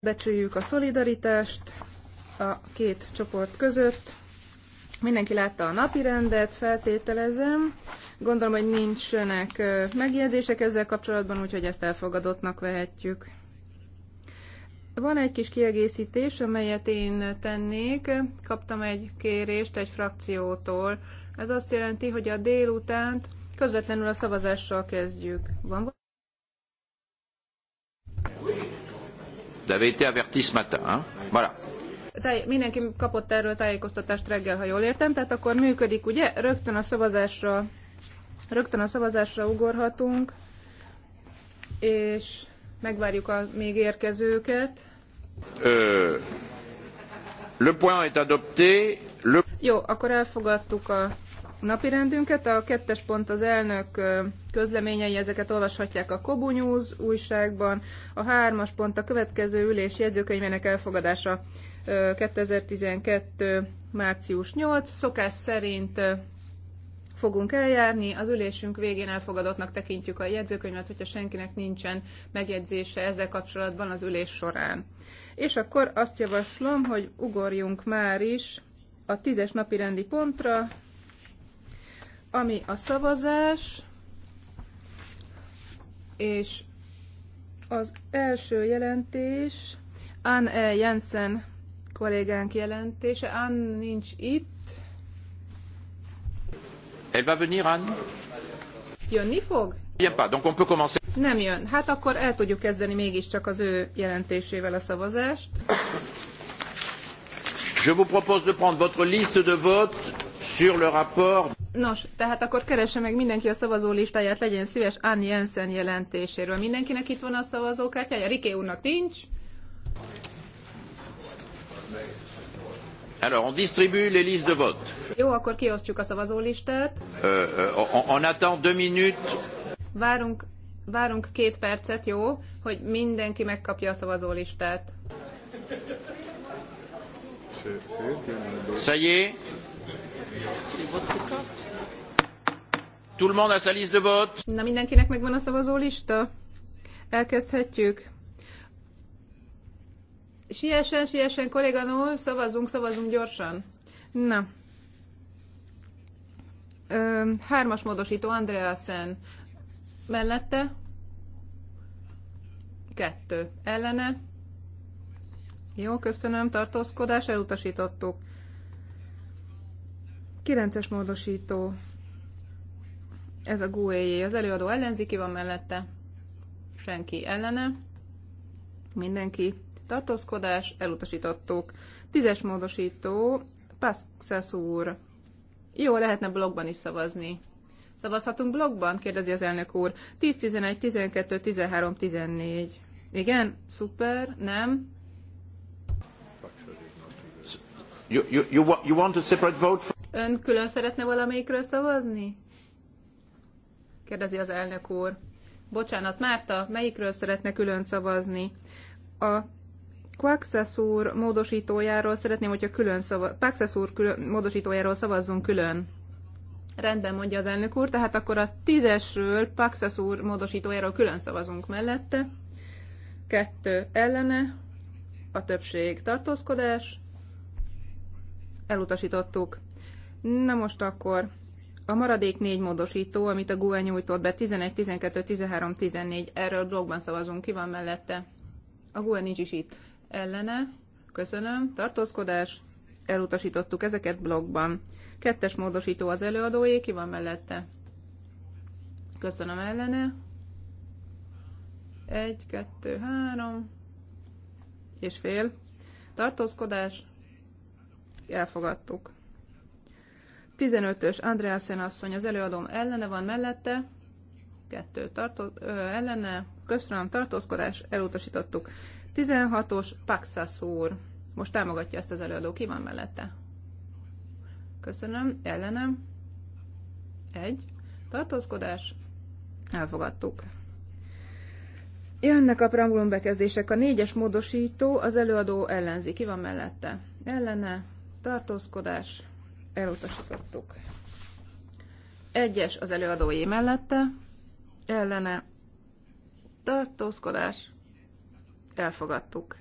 becsüljük a szolidaritást a két csoport között. Mindenki látta a napi rendet, feltételezem. Gondolom, hogy nincsenek megjegyzések ezzel kapcsolatban, úgyhogy ezt elfogadottnak vehetjük. Van egy kis kiegészítés, amelyet én tennék. Kaptam egy kérést egy frakciótól. Ez azt jelenti, hogy a délutánt közvetlenül a szavazással kezdjük. Van Vous avez été averti ce matin, hein? Voilà. mindenki kapott erről tájékoztatást reggel, ha jól értem, tehát akkor működik, ugye? Rögtön a szavazásra, rögtön a szavazásra ugorhatunk, és megvárjuk a még érkezőket. Ö, le point est adopté. Le... Jó, akkor elfogadtuk a napirendünket. A kettes pont az elnök közleményei, ezeket olvashatják a Kobu News újságban. A hármas pont a következő ülés jegyzőkönyvének elfogadása 2012. március 8. Szokás szerint fogunk eljárni. Az ülésünk végén elfogadottnak tekintjük a jegyzőkönyvet, hogyha senkinek nincsen megjegyzése ezzel kapcsolatban az ülés során. És akkor azt javaslom, hogy ugorjunk már is a tízes napi rendi pontra, ami a szavazás, és az első jelentés, Anne Jensen kollégánk jelentése. Anne nincs itt. Elle va venir, Anne? Jönni fog? pas, donc on peut commencer. Nem jön. Hát akkor el tudjuk kezdeni mégiscsak az ő jelentésével a szavazást. Je vous propose de prendre votre liste de vote sur le rapport Nos, tehát akkor keresse meg mindenki a szavazó listáját, legyen szíves Anni Jensen jelentéséről. Mindenkinek itt van a szavazókártyája? Riké úrnak nincs. Alors, on distribue les listes de vote. Jó, akkor kiosztjuk a szavazólistát. Uh, on, on attend deux minutes. Várunk, várunk két percet, jó, hogy mindenki megkapja a szavazólistát. Ça y est. Tout le monde a sa liste de vote. Na mindenkinek megvan a szavazó lista? Elkezdhetjük. Siessen, siessen, kolléganó, szavazzunk, szavazzunk gyorsan. Na. Ö, hármas módosító, Andreasen. Mellette? Kettő. Ellene? Jó, köszönöm, tartózkodás, elutasítottuk. Kilences módosító ez a gue Az előadó ellenzéki van mellette? Senki ellene. Mindenki. Tartózkodás, elutasítottuk. Tízes módosító, Pasxas úr. Jó, lehetne blogban is szavazni. Szavazhatunk blogban? kérdezi az elnök úr. 10, 11, 12, 13, 14. Igen? Szuper? Nem? You, you, you, want a separate vote for... Ön külön szeretne valamelyikről szavazni? kérdezi az elnök úr. Bocsánat, Márta, melyikről szeretne külön szavazni? A Quaxas úr módosítójáról szeretném, hogyha külön szavaz... úr külön... módosítójáról szavazzunk külön. Rendben, mondja az elnök úr, tehát akkor a tízesről Paxas úr módosítójáról külön szavazunk mellette. Kettő ellene, a többség tartózkodás, elutasítottuk. Na most akkor a maradék négy módosító, amit a GUE nyújtott be, 11, 12, 13, 14, erről blogban szavazunk, ki van mellette? A GUE nincs is itt. Ellene, köszönöm, tartózkodás, elutasítottuk ezeket blogban. Kettes módosító az előadóé, ki van mellette? Köszönöm ellene. Egy, kettő, három, és fél. Tartózkodás, elfogadtuk. 15-ös Andreasen asszony az előadóm ellene van mellette, kettő tartó, ö, ellene, köszönöm, tartózkodás, elutasítottuk. 16-os Paxas úr, most támogatja ezt az előadó, ki van mellette? Köszönöm, ellenem, egy, tartózkodás, elfogadtuk. Jönnek a preambulum bekezdések. A négyes módosító, az előadó ellenzi. Ki van mellette? Ellene, tartózkodás, elutasítottuk. Egyes az előadói mellette, ellene tartózkodás, elfogadtuk.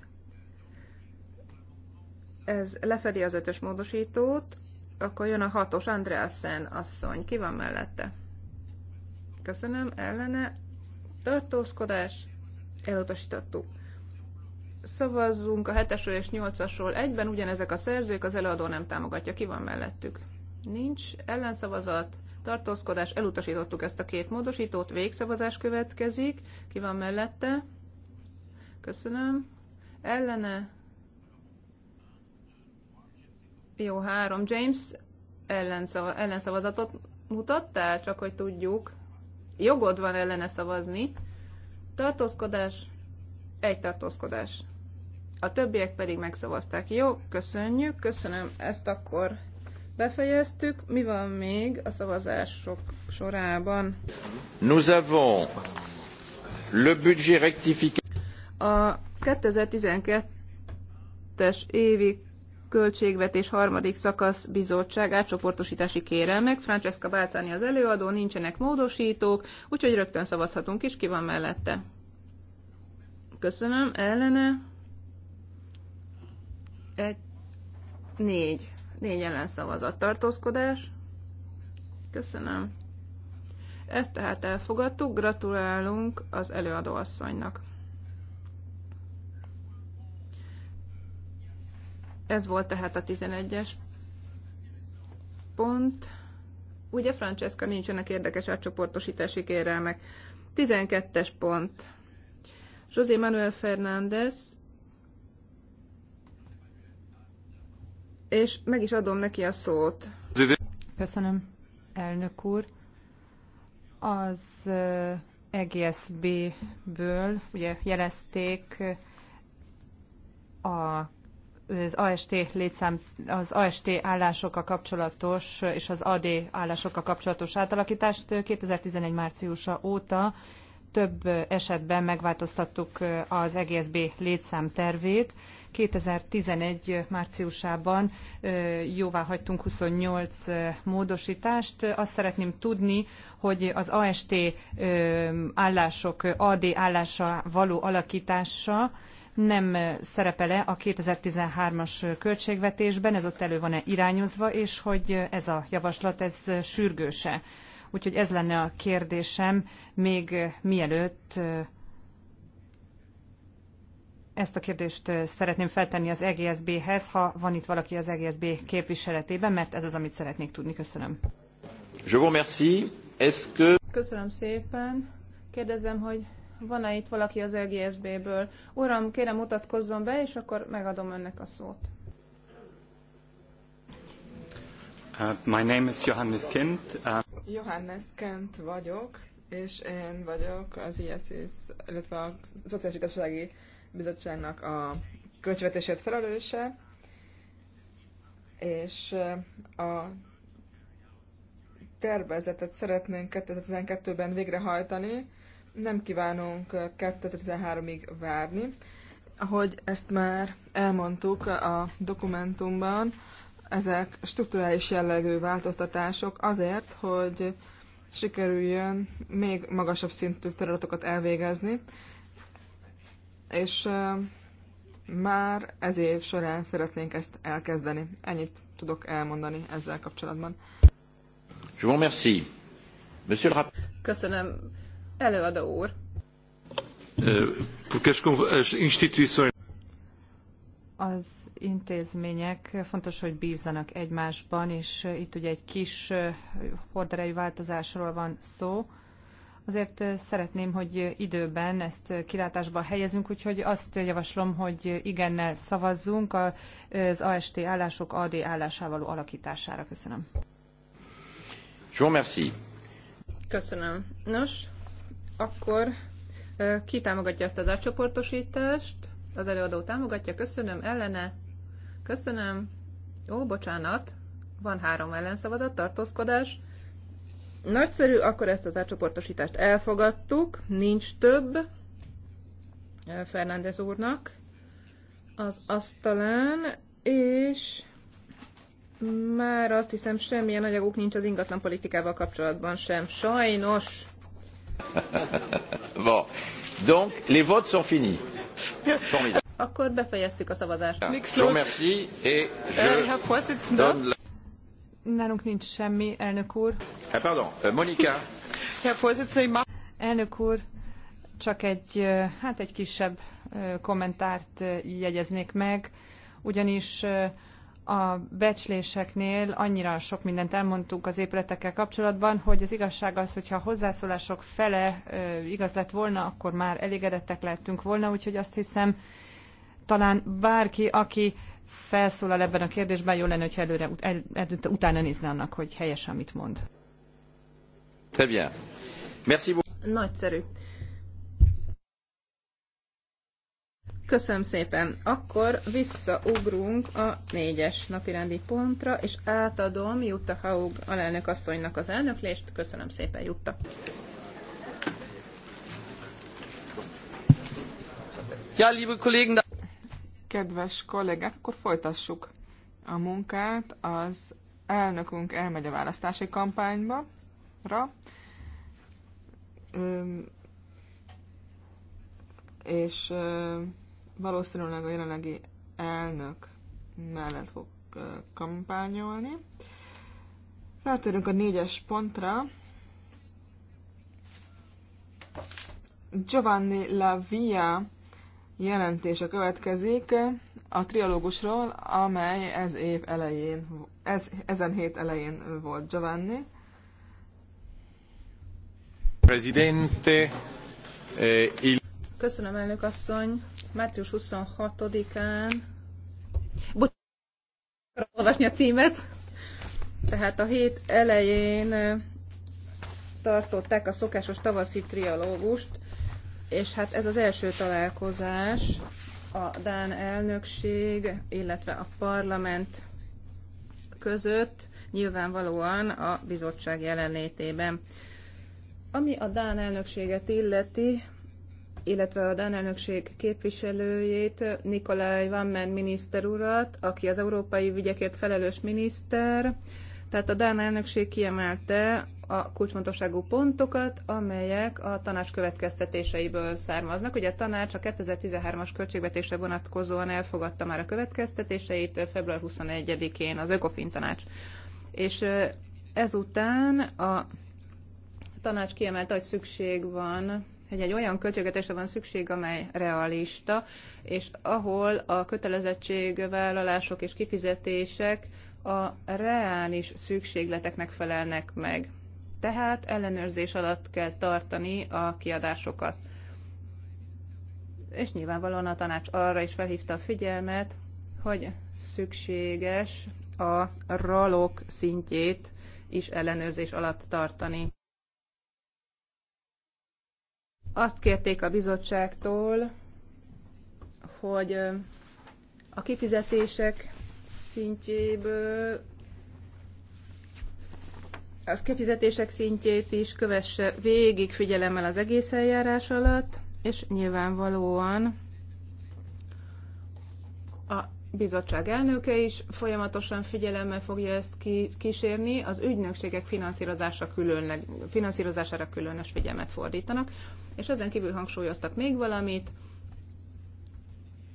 Ez lefedi az ötös módosítót, akkor jön a hatos Andreasen asszony. Ki van mellette? Köszönöm, ellene tartózkodás, elutasítottuk. Szavazzunk a 7-esről és 8-asról egyben, ugyanezek a szerzők, az előadó nem támogatja. Ki van mellettük? Nincs. Ellenszavazat, tartózkodás, elutasítottuk ezt a két módosítót, végszavazás következik. Ki van mellette? Köszönöm. Ellene? Jó, három. James ellenszavazatot mutattál, csak hogy tudjuk. Jogod van ellene szavazni. Tartózkodás, egy tartózkodás a többiek pedig megszavazták. Jó, köszönjük, köszönöm, ezt akkor befejeztük. Mi van még a szavazások sorában? Nous avons le budget rectifica- A 2012-es évi költségvetés harmadik szakasz bizottság átcsoportosítási kérelmek. Francesca Bálcáni az előadó, nincsenek módosítók, úgyhogy rögtön szavazhatunk is, ki van mellette. Köszönöm, ellene. Egy, négy. Négy ellenszavazat. Tartózkodás. Köszönöm. Ezt tehát elfogadtuk. Gratulálunk az előadó asszonynak. Ez volt tehát a 11-es pont. Ugye, Francesca, nincsenek érdekes átcsoportosítási kérelmek. 12-es pont. José Manuel Fernández és meg is adom neki a szót. Köszönöm, elnök úr. Az EGSB-ből ugye jelezték a az AST létszám, az AST állásokkal kapcsolatos és az AD állásokkal kapcsolatos átalakítást 2011 márciusa óta több esetben megváltoztattuk az EGSB létszámtervét. 2011 márciusában jóvá hagytunk 28 módosítást. Azt szeretném tudni, hogy az AST állások, AD állása való alakítása nem szerepele a 2013-as költségvetésben, ez ott elő van-e irányozva, és hogy ez a javaslat, ez sürgőse. Úgyhogy ez lenne a kérdésem, még eh, mielőtt eh, ezt a kérdést eh, szeretném feltenni az EGSB-hez, ha van itt valaki az EGSB képviseletében, mert ez az, amit szeretnék tudni. Köszönöm. Je vous remercie. Est-ce que... Köszönöm szépen. Kérdezem, hogy van-e itt valaki az EGSB-ből? Uram, kérem mutatkozzon be, és akkor megadom önnek a szót. Uh, my name is Johannes Kind. Uh... Johannes Kent vagyok, és én vagyok az ISIS, illetve a Szociális Igazsági Bizottságnak a költségvetését felelőse, és a tervezetet szeretnénk 2012-ben végrehajtani, nem kívánunk 2013-ig várni. Ahogy ezt már elmondtuk a dokumentumban, ezek strukturális jellegű változtatások azért, hogy sikerüljön még magasabb szintű feladatokat elvégezni, és már ez év során szeretnénk ezt elkezdeni. Ennyit tudok elmondani ezzel kapcsolatban. Je vous remercie. Monsieur le Köszönöm, előadó úr. Porque az intézmények fontos, hogy bízzanak egymásban, és itt ugye egy kis horderejű változásról van szó. Azért szeretném, hogy időben ezt kilátásba helyezünk, úgyhogy azt javaslom, hogy igennel szavazzunk az AST állások AD állásával való alakítására. Köszönöm. Jó, merci. Köszönöm. Nos, akkor ki támogatja ezt az átcsoportosítást? Az előadó támogatja, köszönöm, ellene, köszönöm. Ó, bocsánat, van három ellenszavazat, tartózkodás. Nagyszerű, akkor ezt az átcsoportosítást elfogadtuk, nincs több eh, Fernández úrnak az asztalán, és már azt hiszem semmilyen anyaguk nincs az ingatlan politikával kapcsolatban sem. Sajnos. bon. Donc, les votes sont finis. Akkor befejeztük a szavazást. Eh, Herr Vorsitzender. Nálunk nincs semmi, elnök úr. Eh, pardon, eh, Monika. Herr Vorsitzender, Elnök úr, csak egy, hát egy kisebb kommentárt jegyeznék meg, ugyanis a becsléseknél annyira sok mindent elmondtunk az épületekkel kapcsolatban, hogy az igazság az, hogyha a hozzászólások fele igaz lett volna, akkor már elégedettek lettünk volna, úgyhogy azt hiszem, talán bárki, aki felszólal ebben a kérdésben, jó lenne, hogy előre, el, el, utána nézne annak, hogy helyes, amit mond. Très bien. Merci Nagyszerű. Köszönöm szépen. Akkor visszaugrunk a négyes napirendi pontra, és átadom Jutta Haug alelnök asszonynak az elnöklést. Köszönöm szépen, Jutta. Ja, liebe Kollegen, da... Kedves kollégák, akkor folytassuk a munkát. Az elnökünk elmegy a választási kampányba. Ra. és valószínűleg a jelenlegi elnök mellett fog kampányolni. Rátérünk a négyes pontra. Giovanni Via jelentése következik a trialógusról, amely ez év elején, ez, ezen hét elején volt Giovanni. Presidente, eh, il... Köszönöm, elnök asszony március 26-án Bocsánat, olvasni a címet. Tehát a hét elején tartották a szokásos tavaszi trialógust, és hát ez az első találkozás a Dán elnökség, illetve a parlament között, nyilvánvalóan a bizottság jelenlétében. Ami a Dán elnökséget illeti, illetve a Dán elnökség képviselőjét, Nikolaj Vammen miniszter urat, aki az európai ügyekért felelős miniszter. Tehát a Dán elnökség kiemelte a kulcsfontosságú pontokat, amelyek a tanács következtetéseiből származnak. Ugye a tanács a 2013-as költségvetésre vonatkozóan elfogadta már a következtetéseit február 21-én az Ökofin tanács. És ezután a tanács kiemelte, hogy szükség van hogy egy olyan költségvetésre van szükség, amely realista, és ahol a kötelezettségvállalások és kifizetések a reális szükségleteknek felelnek meg. Tehát ellenőrzés alatt kell tartani a kiadásokat. És nyilvánvalóan a tanács arra is felhívta a figyelmet, hogy szükséges a ralok szintjét is ellenőrzés alatt tartani. Azt kérték a bizottságtól, hogy a kifizetések szintjéből az kifizetések szintjét is kövesse végig figyelemmel az egész eljárás alatt, és nyilvánvalóan a bizottság elnöke is folyamatosan figyelemmel fogja ezt kísérni, az ügynökségek finanszírozása különleg, finanszírozására különös figyelmet fordítanak és ezen kívül hangsúlyoztak még valamit,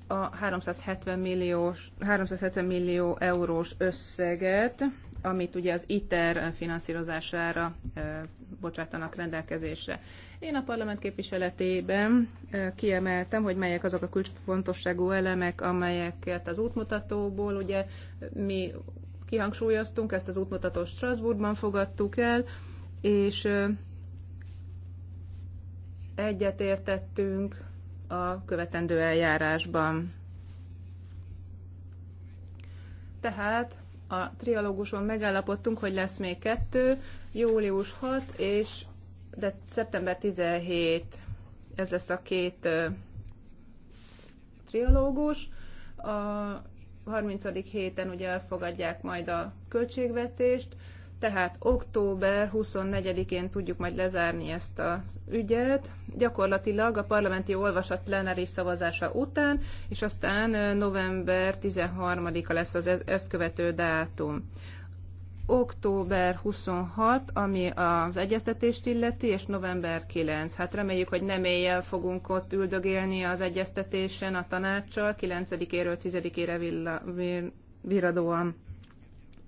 a 370, milliós, 370 millió eurós összeget, amit ugye az ITER finanszírozására bocsátanak rendelkezésre. Én a parlament képviseletében kiemeltem, hogy melyek azok a kulcsfontosságú elemek, amelyeket az útmutatóból ugye mi kihangsúlyoztunk, ezt az útmutatót Strasbourgban fogadtuk el, és egyetértettünk a követendő eljárásban. Tehát a trialóguson megállapodtunk, hogy lesz még kettő, július 6 és de szeptember 17. Ez lesz a két trialógus. A 30. héten ugye elfogadják majd a költségvetést, tehát október 24-én tudjuk majd lezárni ezt az ügyet, gyakorlatilag a parlamenti olvasat plenáris szavazása után, és aztán november 13-a lesz az e- ezt követő dátum október 26, ami az egyeztetést illeti, és november 9. Hát reméljük, hogy nem éjjel fogunk ott üldögélni az egyeztetésen a tanácssal, 9-éről 10-ére virradóan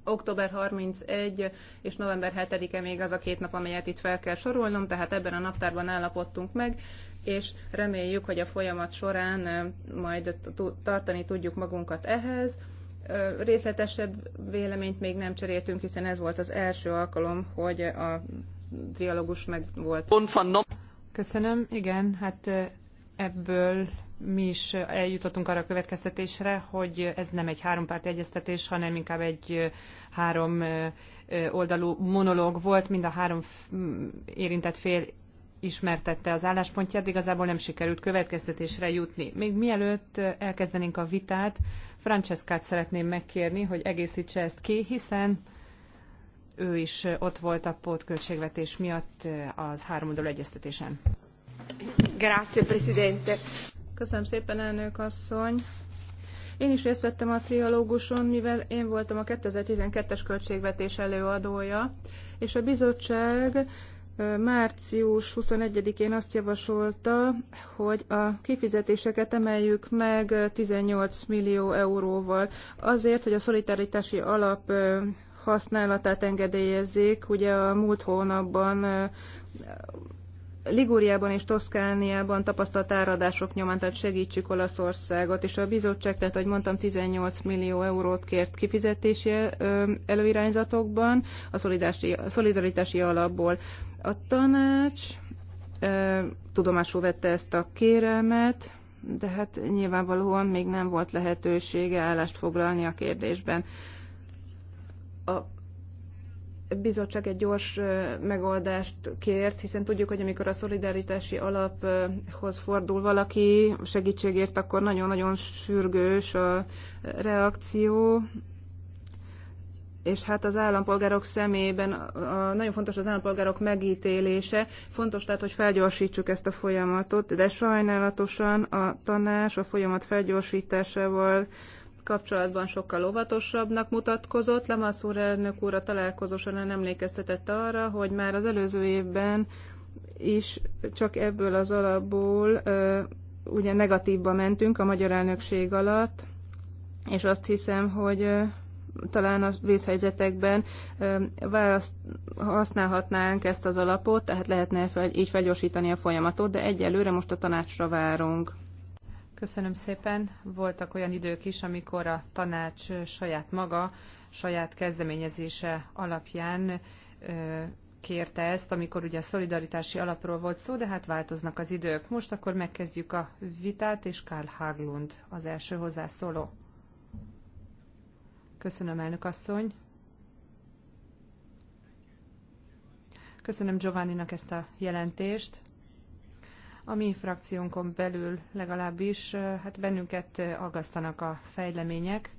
október 31 és november 7-e még az a két nap, amelyet itt fel kell sorolnom, tehát ebben a naptárban állapodtunk meg, és reméljük, hogy a folyamat során majd tartani tudjuk magunkat ehhez. Részletesebb véleményt még nem cseréltünk, hiszen ez volt az első alkalom, hogy a trialógus meg volt. Köszönöm, igen, hát ebből mi is eljutottunk arra a következtetésre, hogy ez nem egy hárompárti egyeztetés, hanem inkább egy három oldalú monológ volt, mind a három érintett fél ismertette az álláspontját, igazából nem sikerült következtetésre jutni. Még mielőtt elkezdenénk a vitát, Franceskát szeretném megkérni, hogy egészítse ezt ki, hiszen ő is ott volt a pótköltségvetés miatt az háromoldalú egyeztetésen. Grazie, Presidente. Köszönöm szépen, elnök asszony. Én is részt vettem a trialóguson, mivel én voltam a 2012-es költségvetés előadója, és a bizottság március 21-én azt javasolta, hogy a kifizetéseket emeljük meg 18 millió euróval, azért, hogy a szolidaritási alap használatát engedélyezzék. Ugye a múlt hónapban Ligúriában és Toszkániában tapasztalt áradások nyomán, tehát segítsük Olaszországot, és a bizottság, tehát ahogy mondtam, 18 millió eurót kért kifizetési előirányzatokban a a szolidaritási alapból. A tanács tudomásul vette ezt a kérelmet, de hát nyilvánvalóan még nem volt lehetősége állást foglalni a kérdésben. A bizottság egy gyors megoldást kért, hiszen tudjuk, hogy amikor a szolidaritási alaphoz fordul valaki segítségért, akkor nagyon-nagyon sürgős a reakció, és hát az állampolgárok szemében a, a, nagyon fontos az állampolgárok megítélése, fontos tehát, hogy felgyorsítsuk ezt a folyamatot, de sajnálatosan a tanás a folyamat felgyorsításával kapcsolatban sokkal óvatosabbnak mutatkozott. Lamassur elnök úr a találkozó során emlékeztetett arra, hogy már az előző évben is csak ebből az alapból ugye negatívba mentünk a magyar elnökség alatt, és azt hiszem, hogy talán a vészhelyzetekben választ, használhatnánk ezt az alapot, tehát lehetne így felgyorsítani a folyamatot, de egyelőre most a tanácsra várunk. Köszönöm szépen. Voltak olyan idők is, amikor a tanács saját maga, saját kezdeményezése alapján kérte ezt, amikor ugye a szolidaritási alapról volt szó, de hát változnak az idők. Most akkor megkezdjük a vitát, és Karl Haglund az első hozzászóló. Köszönöm, elnök asszony. Köszönöm Giovanninak ezt a jelentést. A mi frakciónkon belül legalábbis hát bennünket aggasztanak a fejlemények,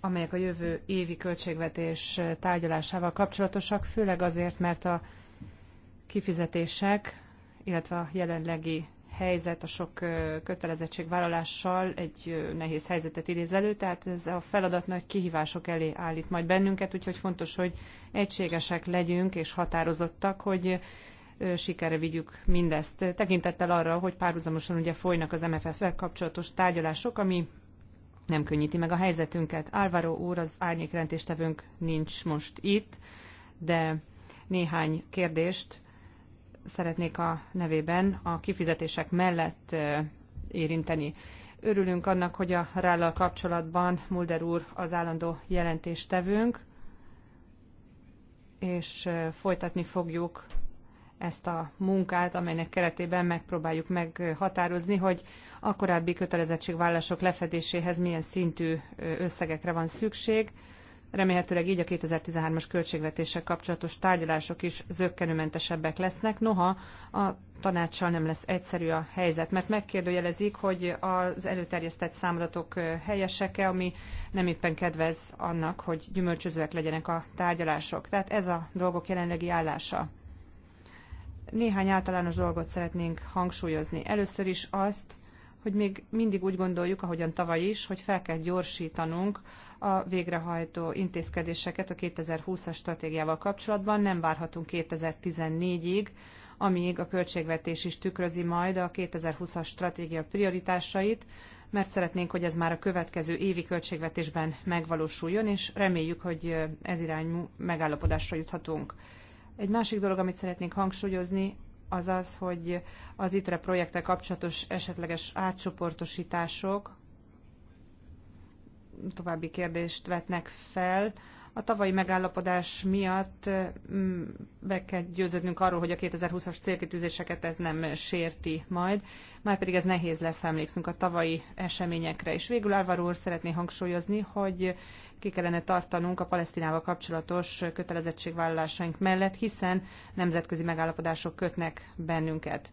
amelyek a jövő évi költségvetés tárgyalásával kapcsolatosak, főleg azért, mert a kifizetések, illetve a jelenlegi helyzet a sok kötelezettségvállalással egy nehéz helyzetet idéz elő, tehát ez a feladat nagy kihívások elé állít majd bennünket, úgyhogy fontos, hogy egységesek legyünk és határozottak, hogy sikerre vigyük mindezt. Tekintettel arra, hogy párhuzamosan ugye folynak az MFF-vel kapcsolatos tárgyalások, ami nem könnyíti meg a helyzetünket. Álvaro úr, az árnyékrendéstevőnk nincs most itt, de néhány kérdést szeretnék a nevében a kifizetések mellett érinteni. Örülünk annak, hogy a rállal kapcsolatban Mulder úr az állandó jelentéstevőnk, és folytatni fogjuk ezt a munkát, amelynek keretében megpróbáljuk meghatározni, hogy a korábbi kötelezettségvállások lefedéséhez milyen szintű összegekre van szükség. Remélhetőleg így a 2013-as költségvetéssel kapcsolatos tárgyalások is zöggenőmentesebbek lesznek. Noha a tanácssal nem lesz egyszerű a helyzet, mert megkérdőjelezik, hogy az előterjesztett számadatok helyesek-e, ami nem éppen kedvez annak, hogy gyümölcsözőek legyenek a tárgyalások. Tehát ez a dolgok jelenlegi állása. Néhány általános dolgot szeretnénk hangsúlyozni. Először is azt, hogy még mindig úgy gondoljuk, ahogyan tavaly is, hogy fel kell gyorsítanunk a végrehajtó intézkedéseket a 2020-as stratégiával kapcsolatban. Nem várhatunk 2014-ig, amíg a költségvetés is tükrözi majd a 2020-as stratégia prioritásait, mert szeretnénk, hogy ez már a következő évi költségvetésben megvalósuljon, és reméljük, hogy ez irányú megállapodásra juthatunk. Egy másik dolog, amit szeretnék hangsúlyozni, az az, hogy az ITRE projektek kapcsolatos esetleges átcsoportosítások további kérdést vetnek fel. A tavalyi megállapodás miatt mm, be kell győződnünk arról, hogy a 2020-as célkitűzéseket ez nem sérti majd, már pedig ez nehéz lesz, emlékszünk a tavalyi eseményekre. És végül Álvaro úr szeretné hangsúlyozni, hogy ki kellene tartanunk a Palesztinával kapcsolatos kötelezettségvállalásaink mellett, hiszen nemzetközi megállapodások kötnek bennünket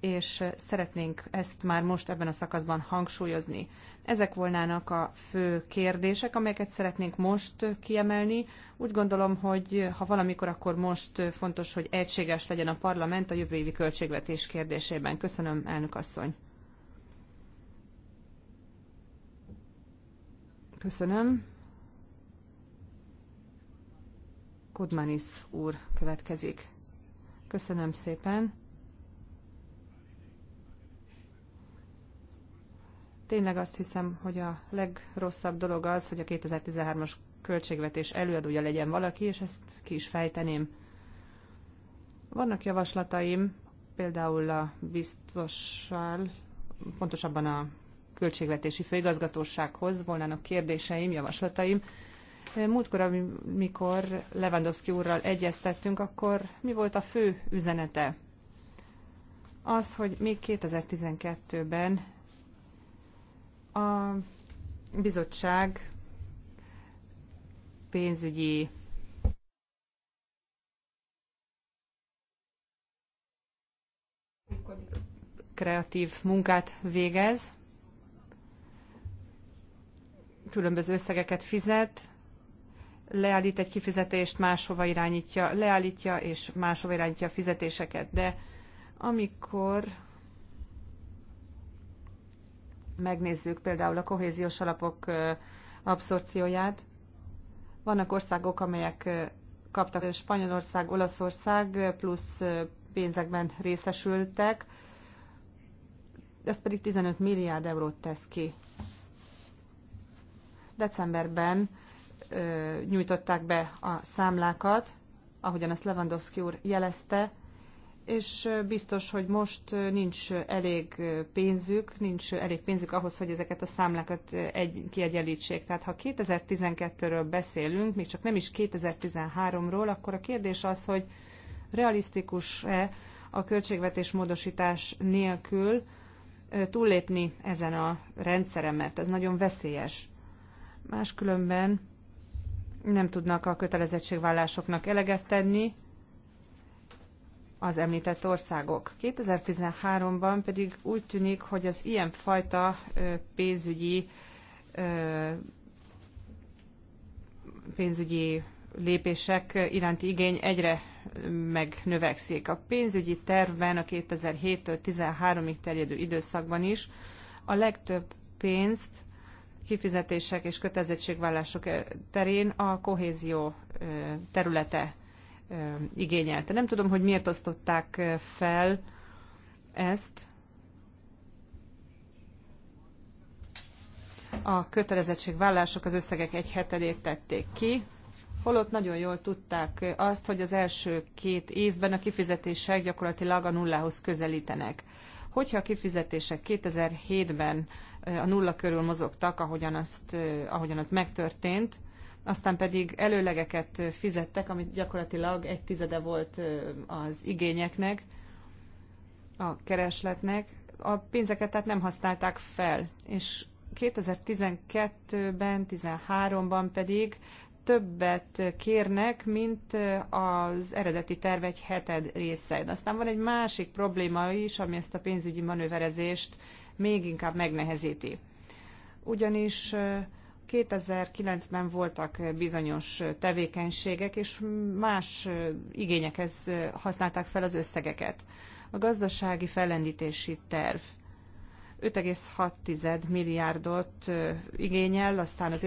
és szeretnénk ezt már most ebben a szakaszban hangsúlyozni. Ezek volnának a fő kérdések, amelyeket szeretnénk most kiemelni. Úgy gondolom, hogy ha valamikor, akkor most fontos, hogy egységes legyen a parlament a jövő évi költségvetés kérdésében. Köszönöm, elnök asszony. Köszönöm. Kudmanis úr következik. Köszönöm szépen. Tényleg azt hiszem, hogy a legrosszabb dolog az, hogy a 2013-as költségvetés előadója legyen valaki, és ezt ki is fejteném. Vannak javaslataim, például a biztossal, pontosabban a költségvetési főigazgatósághoz volnának kérdéseim, javaslataim, Múltkor, amikor Lewandowski úrral egyeztettünk, akkor mi volt a fő üzenete? Az, hogy még 2012-ben a bizottság pénzügyi kreatív munkát végez, különböző összegeket fizet, leállít egy kifizetést, máshova irányítja, leállítja és máshova irányítja a fizetéseket. De amikor megnézzük például a kohéziós alapok abszorcióját, vannak országok, amelyek kaptak Spanyolország, Olaszország plusz pénzekben részesültek, ez pedig 15 milliárd eurót tesz ki. Decemberben nyújtották be a számlákat, ahogyan ezt Lewandowski úr jelezte, és biztos, hogy most nincs elég pénzük, nincs elég pénzük ahhoz, hogy ezeket a számlákat egy, kiegyenlítsék. Tehát ha 2012-ről beszélünk, még csak nem is 2013-ról, akkor a kérdés az, hogy realisztikus-e a költségvetés módosítás nélkül túllépni ezen a rendszeren, mert ez nagyon veszélyes. Máskülönben nem tudnak a kötelezettségvállásoknak eleget tenni az említett országok. 2013-ban pedig úgy tűnik, hogy az ilyen fajta pénzügyi pénzügyi lépések iránti igény egyre megnövekszik. A pénzügyi tervben a 2007-től 2013 ig terjedő időszakban is a legtöbb pénzt kifizetések és kötelezettségvállások eh, terén a kohézió eh, területe eh, igényelte. Nem tudom, hogy miért osztották fel ezt a kötelezettségvállások az összegek egy hetedét tették ki, holott nagyon jól tudták azt, hogy az első két évben a kifizetések gyakorlatilag a nullához közelítenek. Hogyha a kifizetések 2007-ben a nulla körül mozogtak, ahogyan, azt, ahogyan az megtörtént, aztán pedig előlegeket fizettek, amit gyakorlatilag egy tizede volt az igényeknek, a keresletnek. A pénzeket tehát nem használták fel, és 2012-ben, 2013 ban pedig többet kérnek, mint az eredeti terv egy heted része. aztán van egy másik probléma is, ami ezt a pénzügyi manőverezést még inkább megnehezíti. Ugyanis 2009-ben voltak bizonyos tevékenységek, és más igényekhez használták fel az összegeket. A gazdasági fellendítési terv 5,6 milliárdot igényel, aztán az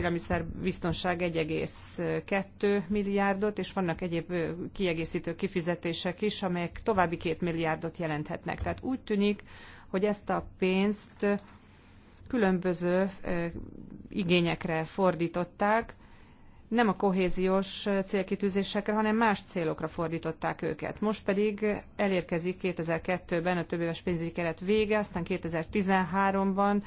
biztonság 1,2 milliárdot, és vannak egyéb kiegészítő kifizetések is, amelyek további 2 milliárdot jelenthetnek. Tehát úgy tűnik, hogy ezt a pénzt különböző igényekre fordították, nem a kohéziós célkitűzésekre, hanem más célokra fordították őket. Most pedig elérkezik 2002-ben a éves pénzügyi keret vége, aztán 2013-ban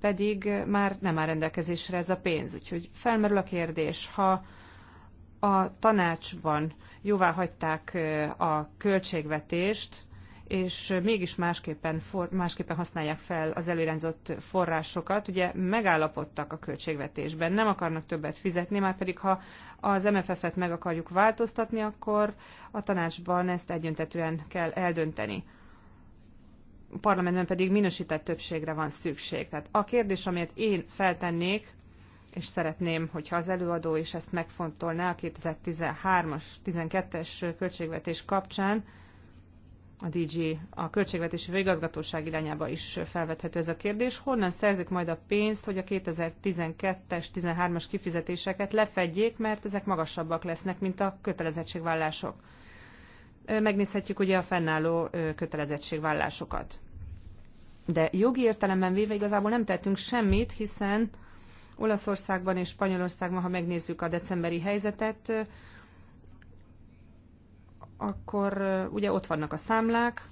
pedig már nem áll rendelkezésre ez a pénz. Úgyhogy felmerül a kérdés, ha a tanácsban jóvá hagyták a költségvetést, és mégis másképpen, for, másképpen használják fel az előrendzott forrásokat. Ugye megállapodtak a költségvetésben, nem akarnak többet fizetni, már pedig ha az MFF-et meg akarjuk változtatni, akkor a tanácsban ezt egyöntetően kell eldönteni. A parlamentben pedig minősített többségre van szükség. Tehát a kérdés, amit én feltennék, és szeretném, hogyha az előadó is ezt megfontolná a 2013-as, 12-es költségvetés kapcsán, a DG, a Költségvetési Végazgatóság irányába is felvethető ez a kérdés. Honnan szerzik majd a pénzt, hogy a 2012-es, 13-as kifizetéseket lefedjék, mert ezek magasabbak lesznek, mint a kötelezettségvállások. Megnézhetjük ugye a fennálló kötelezettségvállásokat. De jogi értelemben véve igazából nem tettünk semmit, hiszen Olaszországban és Spanyolországban, ha megnézzük a decemberi helyzetet, akkor ugye ott vannak a számlák,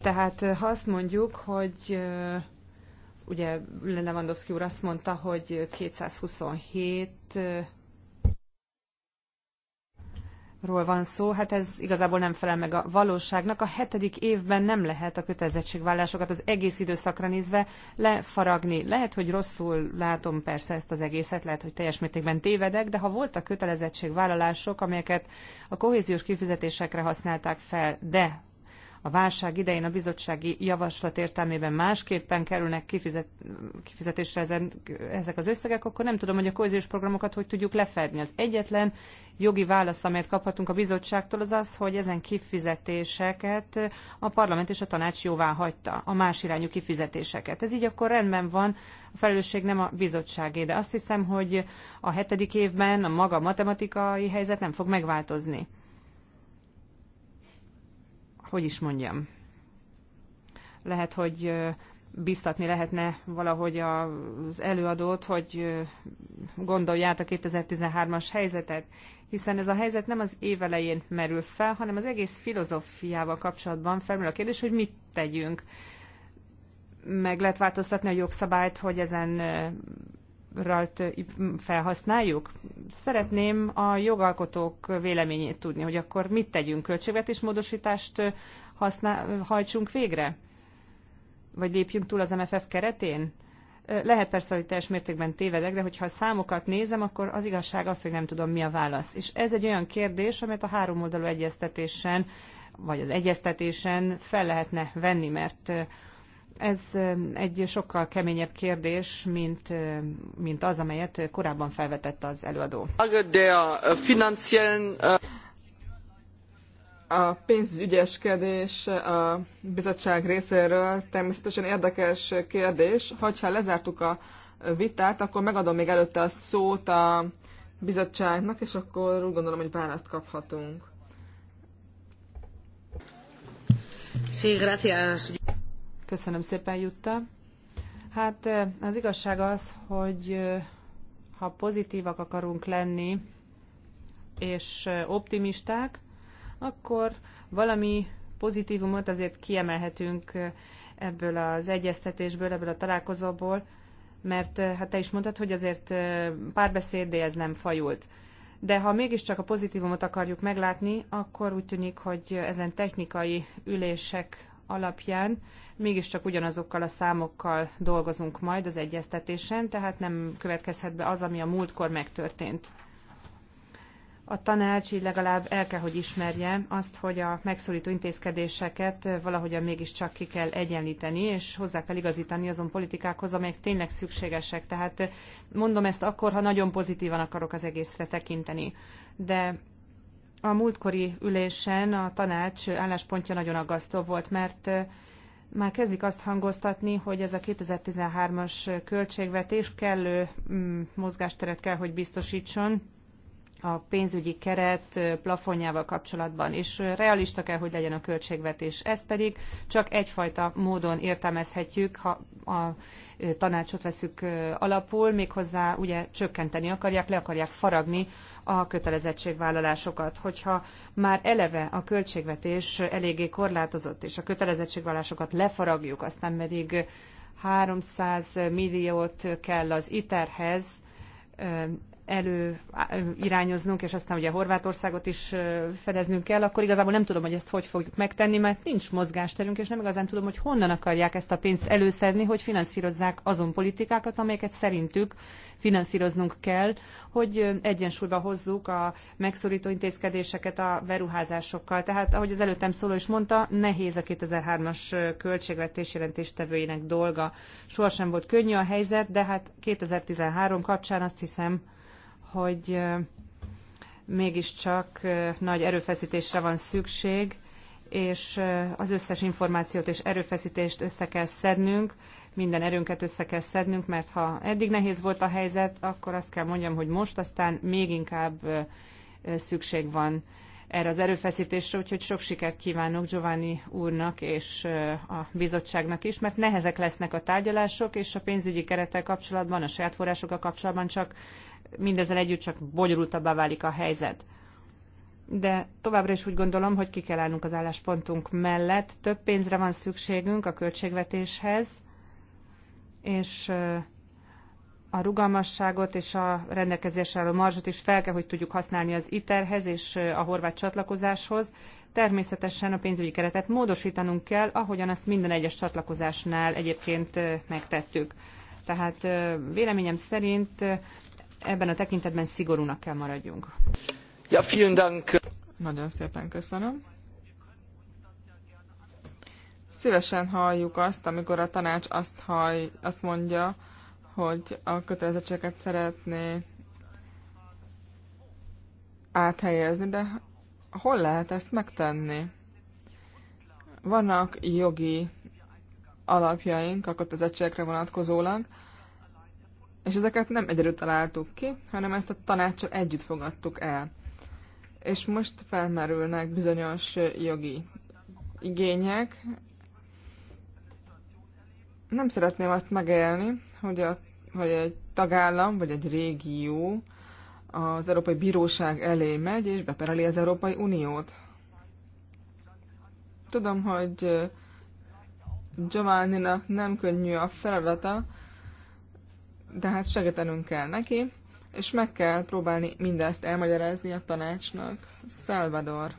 tehát ha azt mondjuk, hogy ugye Lewandowski úr azt mondta, hogy 227 ról van szó, hát ez igazából nem felel meg a valóságnak. A hetedik évben nem lehet a kötelezettségvállásokat az egész időszakra nézve lefaragni. Lehet, hogy rosszul látom persze ezt az egészet, lehet, hogy teljes mértékben tévedek, de ha voltak kötelezettségvállalások, amelyeket a kohéziós kifizetésekre használták fel, de a válság idején a bizottsági javaslat értelmében másképpen kerülnek kifizet, kifizetésre ezen, ezek az összegek, akkor nem tudom, hogy a kohéziós programokat hogy tudjuk lefedni. Az egyetlen jogi válasz, amelyet kaphatunk a bizottságtól, az az, hogy ezen kifizetéseket a parlament és a tanács jóvá hagyta, a más irányú kifizetéseket. Ez így akkor rendben van, a felelősség nem a bizottságé, de azt hiszem, hogy a hetedik évben a maga matematikai helyzet nem fog megváltozni hogy is mondjam, lehet, hogy biztatni lehetne valahogy az előadót, hogy gondolja át a 2013-as helyzetet, hiszen ez a helyzet nem az évelején merül fel, hanem az egész filozófiával kapcsolatban felmerül a kérdés, hogy mit tegyünk. Meg lehet változtatni a jogszabályt, hogy ezen ralt felhasználjuk? Szeretném a jogalkotók véleményét tudni, hogy akkor mit tegyünk, költségvetésmódosítást hajtsunk végre? Vagy lépjünk túl az MFF keretén? Lehet persze, hogy teljes mértékben tévedek, de hogyha a számokat nézem, akkor az igazság az, hogy nem tudom, mi a válasz. És ez egy olyan kérdés, amelyet a három oldalú egyeztetésen, vagy az egyeztetésen fel lehetne venni, mert ez um, egy sokkal keményebb kérdés, mint, um, mint az, amelyet korábban felvetett az előadó. Uh, uh, a pénzügyeskedés uh, a bizottság részéről természetesen érdekes kérdés. Ha lezártuk a vitát, akkor megadom még előtte a szót a bizottságnak, és akkor úgy gondolom, hogy választ kaphatunk. Sí, gracias. Köszönöm szépen, Jutta. Hát az igazság az, hogy ha pozitívak akarunk lenni, és optimisták, akkor valami pozitívumot azért kiemelhetünk ebből az egyeztetésből, ebből a találkozóból, mert hát te is mondtad, hogy azért párbeszédé ez nem fajult. De ha mégiscsak a pozitívumot akarjuk meglátni, akkor úgy tűnik, hogy ezen technikai ülések alapján mégiscsak ugyanazokkal a számokkal dolgozunk majd az egyeztetésen, tehát nem következhet be az, ami a múltkor megtörtént. A tanács így legalább el kell, hogy ismerje azt, hogy a megszorító intézkedéseket valahogyan mégiscsak ki kell egyenlíteni, és hozzá kell igazítani azon politikákhoz, amelyek tényleg szükségesek. Tehát mondom ezt akkor, ha nagyon pozitívan akarok az egészre tekinteni. De a múltkori ülésen a tanács álláspontja nagyon aggasztó volt, mert már kezdik azt hangoztatni, hogy ez a 2013-as költségvetés kellő mm, mozgásteret kell, hogy biztosítson a pénzügyi keret plafonjával kapcsolatban, és realista kell, hogy legyen a költségvetés. Ezt pedig csak egyfajta módon értelmezhetjük, ha a tanácsot veszük alapul, méghozzá ugye csökkenteni akarják, le akarják faragni a kötelezettségvállalásokat. Hogyha már eleve a költségvetés eléggé korlátozott, és a kötelezettségvállalásokat lefaragjuk, aztán pedig 300 milliót kell az ITER-hez, elő irányoznunk, és aztán ugye Horvátországot is fedeznünk kell, akkor igazából nem tudom, hogy ezt hogy fogjuk megtenni, mert nincs mozgásterünk, és nem igazán tudom, hogy honnan akarják ezt a pénzt előszedni, hogy finanszírozzák azon politikákat, amelyeket szerintük finanszíroznunk kell, hogy egyensúlyba hozzuk a megszorító intézkedéseket a beruházásokkal. Tehát, ahogy az előttem szóló is mondta, nehéz a 2003-as költségvetés jelentéstevőinek dolga. Sohasem volt könnyű a helyzet, de hát 2013 kapcsán azt hiszem, hogy mégiscsak nagy erőfeszítésre van szükség, és az összes információt és erőfeszítést össze kell szednünk, minden erőnket össze kell szednünk, mert ha eddig nehéz volt a helyzet, akkor azt kell mondjam, hogy most aztán még inkább szükség van erre az erőfeszítésre, úgyhogy sok sikert kívánok Giovanni úrnak és a bizottságnak is, mert nehezek lesznek a tárgyalások, és a pénzügyi kerettel kapcsolatban, a saját forrásokkal kapcsolatban csak mindezzel együtt csak bonyolultabbá válik a helyzet. De továbbra is úgy gondolom, hogy ki kell állnunk az álláspontunk mellett. Több pénzre van szükségünk a költségvetéshez, és a rugalmasságot és a rendelkezésre álló marzsot is fel kell, hogy tudjuk használni az ITER-hez és a horvát csatlakozáshoz. Természetesen a pénzügyi keretet módosítanunk kell, ahogyan azt minden egyes csatlakozásnál egyébként megtettük. Tehát véleményem szerint ebben a tekintetben szigorúnak kell maradjunk. Ja, vielen Dank. Nagyon szépen köszönöm. Szívesen halljuk azt, amikor a tanács azt, hall, azt mondja, hogy a kötelezettséget szeretné áthelyezni, de hol lehet ezt megtenni? Vannak jogi alapjaink a kötelezettségekre vonatkozólag, és ezeket nem egyedül találtuk ki, hanem ezt a tanácsot együtt fogadtuk el. És most felmerülnek bizonyos jogi igények. Nem szeretném azt megélni, hogy, a, hogy egy tagállam vagy egy régió az Európai Bíróság elé megy és bepereli az Európai Uniót. Tudom, hogy Giovanni-nak nem könnyű a feladata, de hát segítenünk kell neki, és meg kell próbálni mindezt elmagyarázni a tanácsnak. Salvador.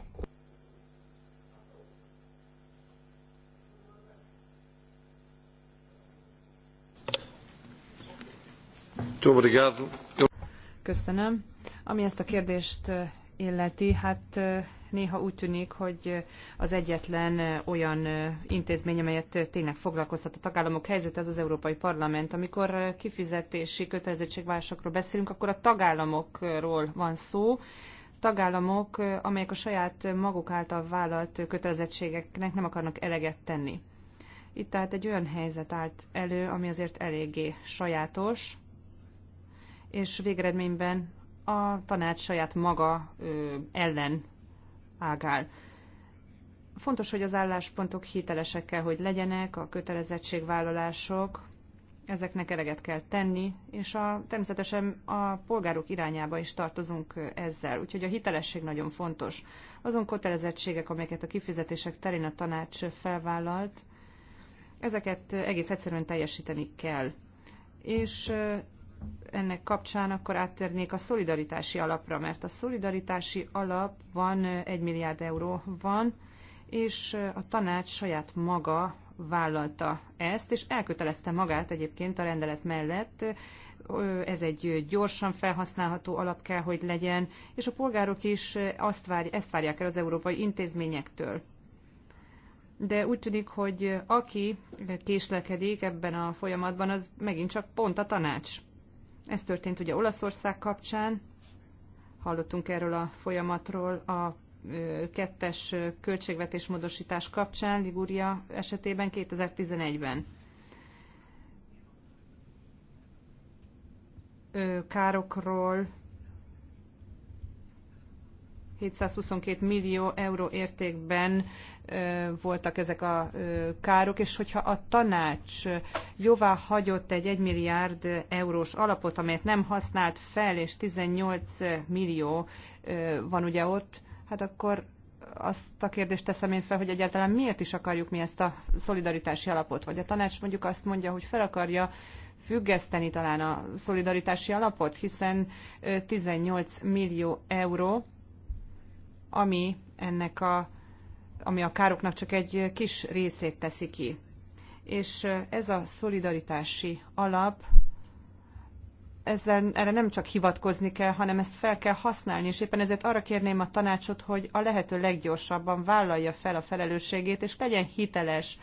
Köszönöm. Ami ezt a kérdést eh, illeti, hát eh, néha úgy tűnik, hogy az egyetlen olyan intézmény, amelyet tényleg foglalkoztat a tagállamok helyzete, az az Európai Parlament. Amikor kifizetési kötelezettségvárosokról beszélünk, akkor a tagállamokról van szó, tagállamok, amelyek a saját maguk által vállalt kötelezettségeknek nem akarnak eleget tenni. Itt tehát egy olyan helyzet állt elő, ami azért eléggé sajátos, és végeredményben a tanács saját maga ö, ellen ágál. Fontos, hogy az álláspontok hitelesek kell, hogy legyenek, a kötelezettségvállalások, ezeknek eleget kell tenni, és a, természetesen a polgárok irányába is tartozunk ezzel. Úgyhogy a hitelesség nagyon fontos. Azon kötelezettségek, amelyeket a kifizetések terén a tanács felvállalt, ezeket egész egyszerűen teljesíteni kell. És ennek kapcsán akkor áttérnék a szolidaritási alapra, mert a szolidaritási alap van, egy milliárd euró van, és a tanács saját maga vállalta ezt, és elkötelezte magát egyébként a rendelet mellett. Ez egy gyorsan felhasználható alap kell, hogy legyen, és a polgárok is azt várj, ezt várják el az európai intézményektől. De úgy tűnik, hogy aki késlekedik ebben a folyamatban, az megint csak pont a tanács. Ez történt ugye Olaszország kapcsán, hallottunk erről a folyamatról a kettes költségvetésmódosítás kapcsán Liguria esetében 2011-ben. Károkról, 722 millió euró értékben voltak ezek a károk, és hogyha a tanács jóvá hagyott egy 1 milliárd eurós alapot, amelyet nem használt fel, és 18 millió van ugye ott, hát akkor azt a kérdést teszem én fel, hogy egyáltalán miért is akarjuk mi ezt a szolidaritási alapot, vagy a tanács mondjuk azt mondja, hogy fel akarja függeszteni talán a szolidaritási alapot, hiszen 18 millió euró ami ennek a, ami a károknak csak egy kis részét teszi ki. És ez a szolidaritási alap, ezzel, erre nem csak hivatkozni kell, hanem ezt fel kell használni, és éppen ezért arra kérném a tanácsot, hogy a lehető leggyorsabban vállalja fel a felelősségét, és legyen hiteles.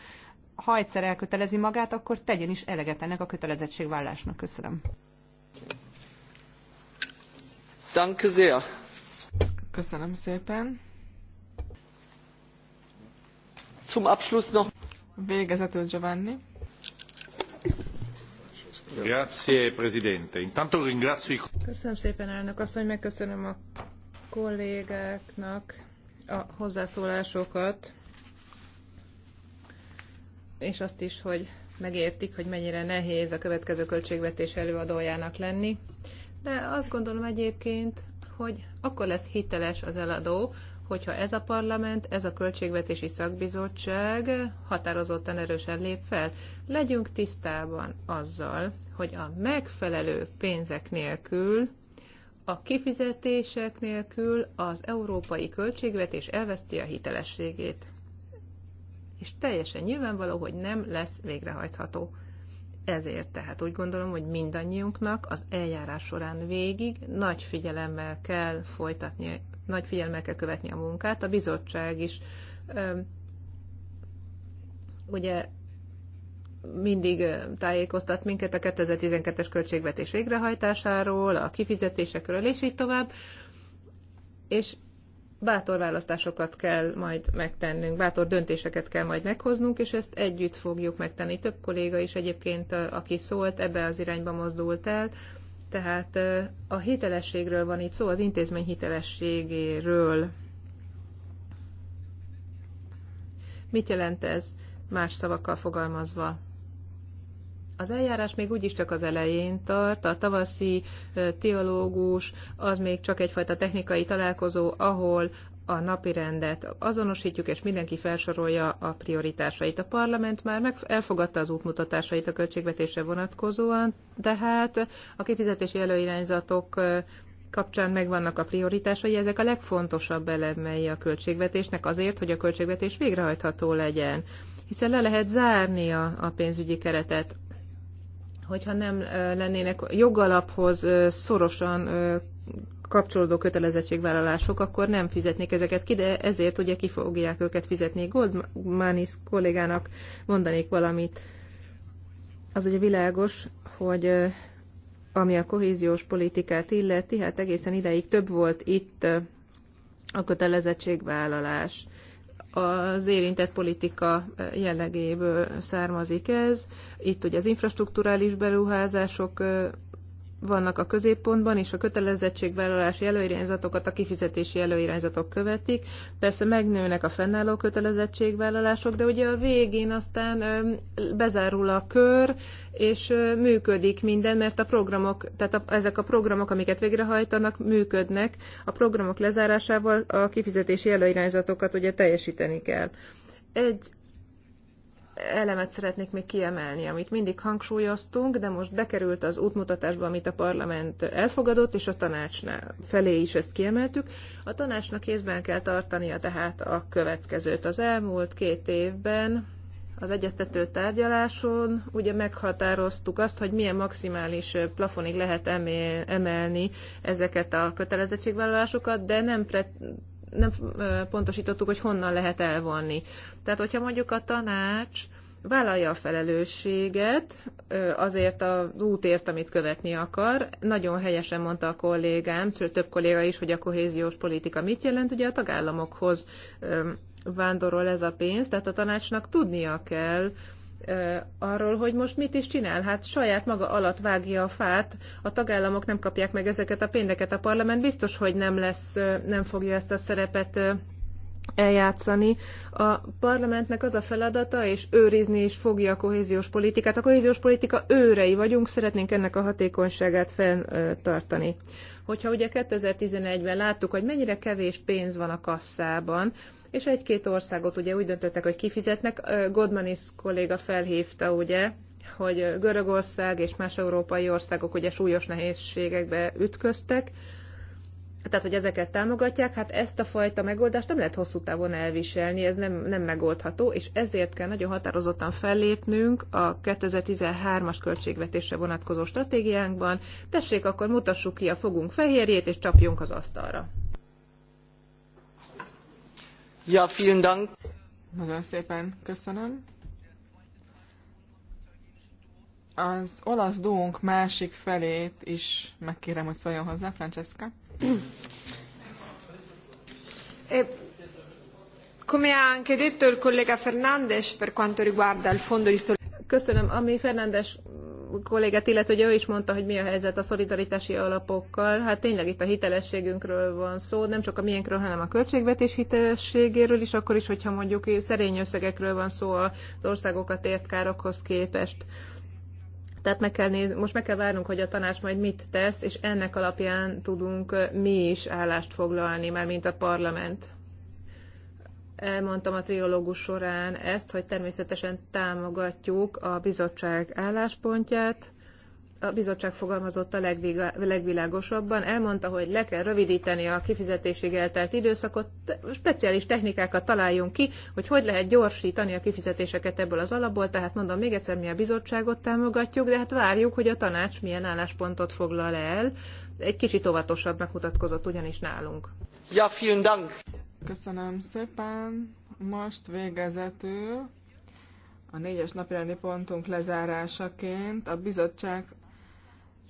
Ha egyszer elkötelezi magát, akkor tegyen is eleget ennek a kötelezettségvállásnak. Köszönöm. Danke sehr. Köszönöm szépen. Zum Abschluss noch. Végezetül Giovanni. Grazie, Presidente. Intanto ringrazio i... Köszönöm szépen, elnök asszony, megköszönöm a kollégáknak a hozzászólásokat, és azt is, hogy megértik, hogy mennyire nehéz a következő költségvetés előadójának lenni. De azt gondolom egyébként, hogy akkor lesz hiteles az eladó, hogyha ez a parlament, ez a költségvetési szakbizottság határozottan erősen lép fel. Legyünk tisztában azzal, hogy a megfelelő pénzek nélkül, a kifizetések nélkül az európai költségvetés elveszti a hitelességét. És teljesen nyilvánvaló, hogy nem lesz végrehajtható ezért tehát úgy gondolom, hogy mindannyiunknak az eljárás során végig nagy figyelemmel kell folytatni, nagy figyelemmel kell követni a munkát. A bizottság is ugye mindig tájékoztat minket a 2012-es költségvetés végrehajtásáról, a kifizetésekről, és így tovább. És bátor választásokat kell majd megtennünk, bátor döntéseket kell majd meghoznunk, és ezt együtt fogjuk megtenni. Több kolléga is egyébként, aki szólt, ebbe az irányba mozdult el, tehát a hitelességről van itt szó, az intézmény hitelességéről. Mit jelent ez más szavakkal fogalmazva? Az eljárás még úgyis csak az elején tart, a tavaszi teológus az még csak egyfajta technikai találkozó, ahol a napi rendet azonosítjuk, és mindenki felsorolja a prioritásait. A parlament már meg elfogadta az útmutatásait a költségvetésre vonatkozóan, de hát a kifizetési előirányzatok kapcsán megvannak a prioritásai, ezek a legfontosabb elemei a költségvetésnek azért, hogy a költségvetés végrehajtható legyen hiszen le lehet zárni a, a pénzügyi keretet hogyha nem lennének jogalaphoz szorosan kapcsolódó kötelezettségvállalások, akkor nem fizetnék ezeket ki, de ezért ugye ki fogják őket fizetni. Goldmanis kollégának mondanék valamit. Az ugye világos, hogy ami a kohéziós politikát illeti, hát egészen ideig több volt itt a kötelezettségvállalás az érintett politika jellegéből származik ez. Itt ugye az infrastruktúrális beruházások vannak a középpontban, és a kötelezettségvállalási előirányzatokat a kifizetési előirányzatok követik. Persze megnőnek a fennálló kötelezettségvállalások, de ugye a végén aztán bezárul a kör, és működik minden, mert a programok, tehát a, ezek a programok, amiket végrehajtanak, működnek. A programok lezárásával a kifizetési előirányzatokat ugye teljesíteni kell. Egy elemet szeretnék még kiemelni, amit mindig hangsúlyoztunk, de most bekerült az útmutatásba, amit a parlament elfogadott, és a tanács felé is ezt kiemeltük. A tanácsnak kézben kell tartania tehát a következőt. Az elmúlt két évben az egyeztető tárgyaláson ugye meghatároztuk azt, hogy milyen maximális plafonig lehet emelni ezeket a kötelezettségvállalásokat, de nem pre- nem pontosítottuk, hogy honnan lehet elvonni. Tehát, hogyha mondjuk a tanács vállalja a felelősséget azért az útért, amit követni akar. Nagyon helyesen mondta a kollégám, sőt több kolléga is, hogy a kohéziós politika mit jelent. Ugye a tagállamokhoz vándorol ez a pénz, tehát a tanácsnak tudnia kell, arról, hogy most mit is csinál. Hát saját maga alatt vágja a fát, a tagállamok nem kapják meg ezeket a pénzeket, a parlament biztos, hogy nem lesz, nem fogja ezt a szerepet eljátszani. A parlamentnek az a feladata, és őrizni is fogja a kohéziós politikát. A kohéziós politika őrei vagyunk, szeretnénk ennek a hatékonyságát fenntartani. Hogyha ugye 2011-ben láttuk, hogy mennyire kevés pénz van a kasszában, és egy-két országot ugye úgy döntöttek, hogy kifizetnek. Godmanis kolléga felhívta ugye, hogy Görögország és más európai országok ugye súlyos nehézségekbe ütköztek, tehát, hogy ezeket támogatják, hát ezt a fajta megoldást nem lehet hosszú távon elviselni, ez nem, nem megoldható, és ezért kell nagyon határozottan fellépnünk a 2013-as költségvetésre vonatkozó stratégiánkban. Tessék, akkor mutassuk ki a fogunk fehérjét, és csapjunk az asztalra. Ja, vielen Dank. Nagyon szépen köszönöm. Az olasz duónk másik felét is megkérem, hogy szóljon hozzá, Francesca. Eh, come ha anche detto il collega Fernandes per quanto riguarda il fondo di solidarietà. Köszönöm, ami Fernandes kollégát, illetve hogy ő is mondta, hogy mi a helyzet a szolidaritási alapokkal. Hát tényleg itt a hitelességünkről van szó, nem csak a miénkről, hanem a költségvetés hitelességéről is, akkor is, hogyha mondjuk szerény összegekről van szó az országokat ért károkhoz képest. Tehát meg kell néz, most meg kell várnunk, hogy a tanács majd mit tesz, és ennek alapján tudunk mi is állást foglalni, már mint a parlament elmondtam a triológus során ezt, hogy természetesen támogatjuk a bizottság álláspontját. A bizottság fogalmazott a legvilágosabban. Elmondta, hogy le kell rövidíteni a kifizetésig eltelt időszakot, speciális technikákat találjunk ki, hogy hogy lehet gyorsítani a kifizetéseket ebből az alapból. Tehát mondom még egyszer, mi a bizottságot támogatjuk, de hát várjuk, hogy a tanács milyen álláspontot foglal el. Egy kicsit óvatosabb megmutatkozott ugyanis nálunk. Ja, vielen Dank. Köszönöm szépen. Most végezetül a négyes napirendi pontunk lezárásaként a bizottság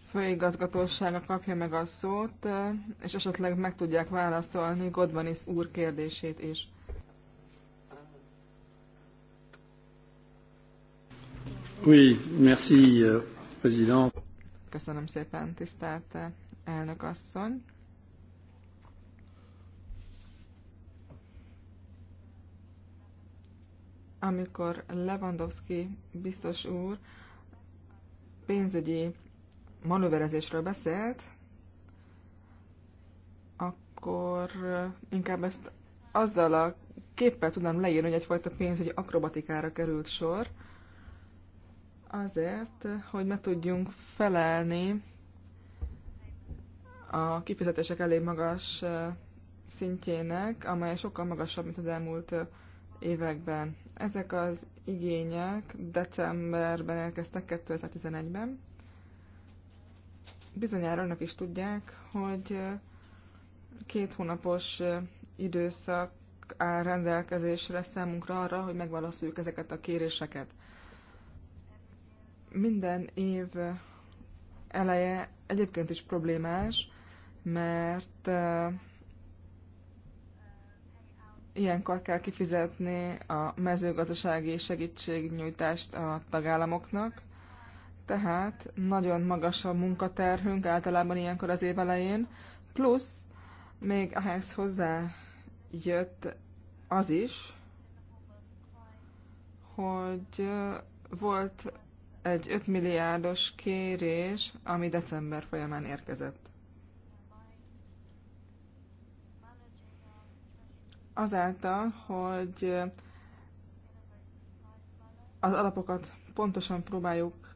főigazgatósága kapja meg a szót, és esetleg meg tudják válaszolni Godmanis úr kérdését is. Oui, merci, euh, président. Köszönöm szépen, tisztelt eh, elnök asszony. amikor Lewandowski biztos úr pénzügyi manőverezésről beszélt, akkor inkább ezt azzal a képpel tudnám leírni, hogy egyfajta pénzügyi akrobatikára került sor, azért, hogy ne tudjunk felelni a kifizetések elég magas szintjének, amely sokkal magasabb, mint az elmúlt években. Ezek az igények decemberben érkeztek 2011-ben. Bizonyára önök is tudják, hogy két hónapos időszak áll rendelkezésre számunkra arra, hogy megválaszoljuk ezeket a kéréseket. Minden év eleje egyébként is problémás, mert ilyenkor kell kifizetni a mezőgazdasági segítségnyújtást a tagállamoknak, tehát nagyon magas a munkaterhünk általában ilyenkor az év elején, plusz még ehhez hozzá jött az is, hogy volt egy 5 milliárdos kérés, ami december folyamán érkezett. azáltal, hogy eh, az alapokat pontosan próbáljuk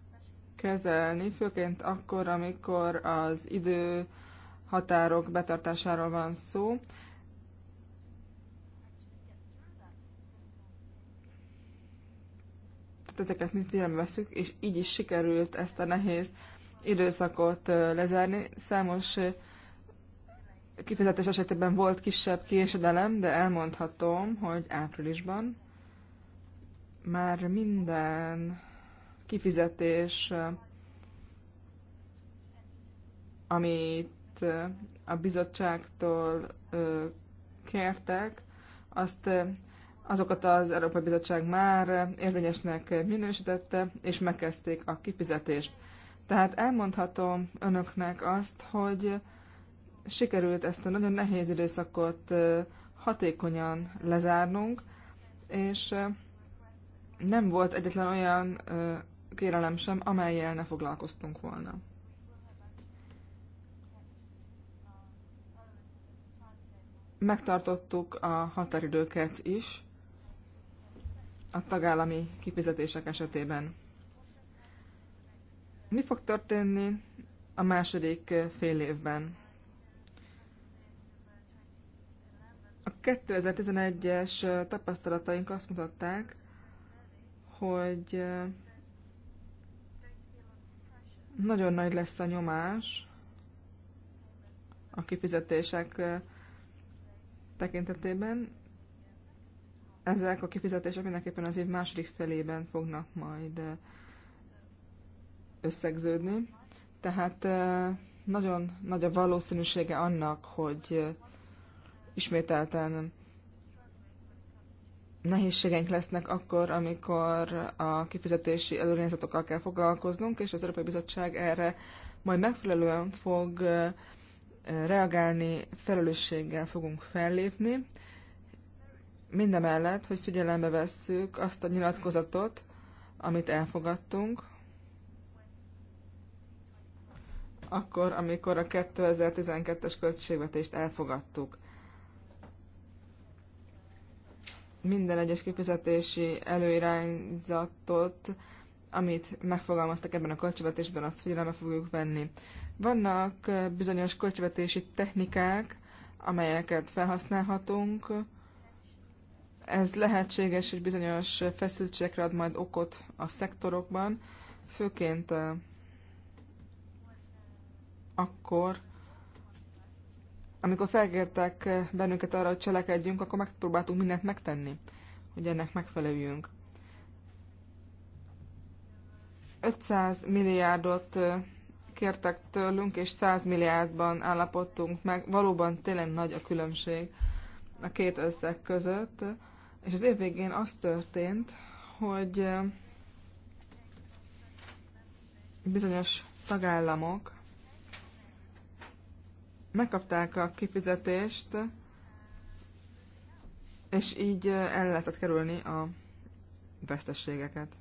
kezelni, főként akkor, amikor az idő határok betartásáról van szó. Tehát ezeket mind figyelembe veszük, és így is sikerült ezt a nehéz időszakot eh, lezárni. Számos eh, kifizetés esetében volt kisebb késedelem, de elmondhatom, hogy áprilisban már minden kifizetés, amit a bizottságtól kértek, azt azokat az Európai Bizottság már érvényesnek minősítette, és megkezdték a kifizetést. Tehát elmondhatom önöknek azt, hogy sikerült ezt a nagyon nehéz időszakot hatékonyan lezárnunk, és nem volt egyetlen olyan kérelem sem, amelyel ne foglalkoztunk volna. Megtartottuk a határidőket is a tagállami kifizetések esetében. Mi fog történni a második fél évben? A 2011-es tapasztalataink azt mutatták, hogy nagyon nagy lesz a nyomás a kifizetések tekintetében. Ezek a kifizetések mindenképpen az év második felében fognak majd összegződni. Tehát nagyon nagy a valószínűsége annak, hogy ismételten nehézségeink lesznek akkor, amikor a kifizetési előirányzatokkal kell foglalkoznunk, és az Európai Bizottság erre majd megfelelően fog reagálni, felelősséggel fogunk fellépni. Mindemellett, hogy figyelembe vesszük azt a nyilatkozatot, amit elfogadtunk, akkor, amikor a 2012-es költségvetést elfogadtuk. minden egyes kifizetési előirányzatot, amit megfogalmaztak ebben a költségvetésben, azt figyelembe fogjuk venni. Vannak eh, bizonyos költségvetési technikák, amelyeket felhasználhatunk. Ez lehetséges, hogy bizonyos feszültségekre ad majd okot a szektorokban, főként eh, akkor, amikor felkértek eh, bennünket arra, hogy cselekedjünk, akkor megpróbáltunk mindent megtenni, hogy ennek megfeleljünk. 500 milliárdot eh, kértek tőlünk, és 100 milliárdban állapodtunk meg. Valóban tényleg nagy a különbség a két összeg között. És az év végén az történt, hogy eh, bizonyos tagállamok megkapták a kifizetést, és így el lehetett kerülni a vesztességeket.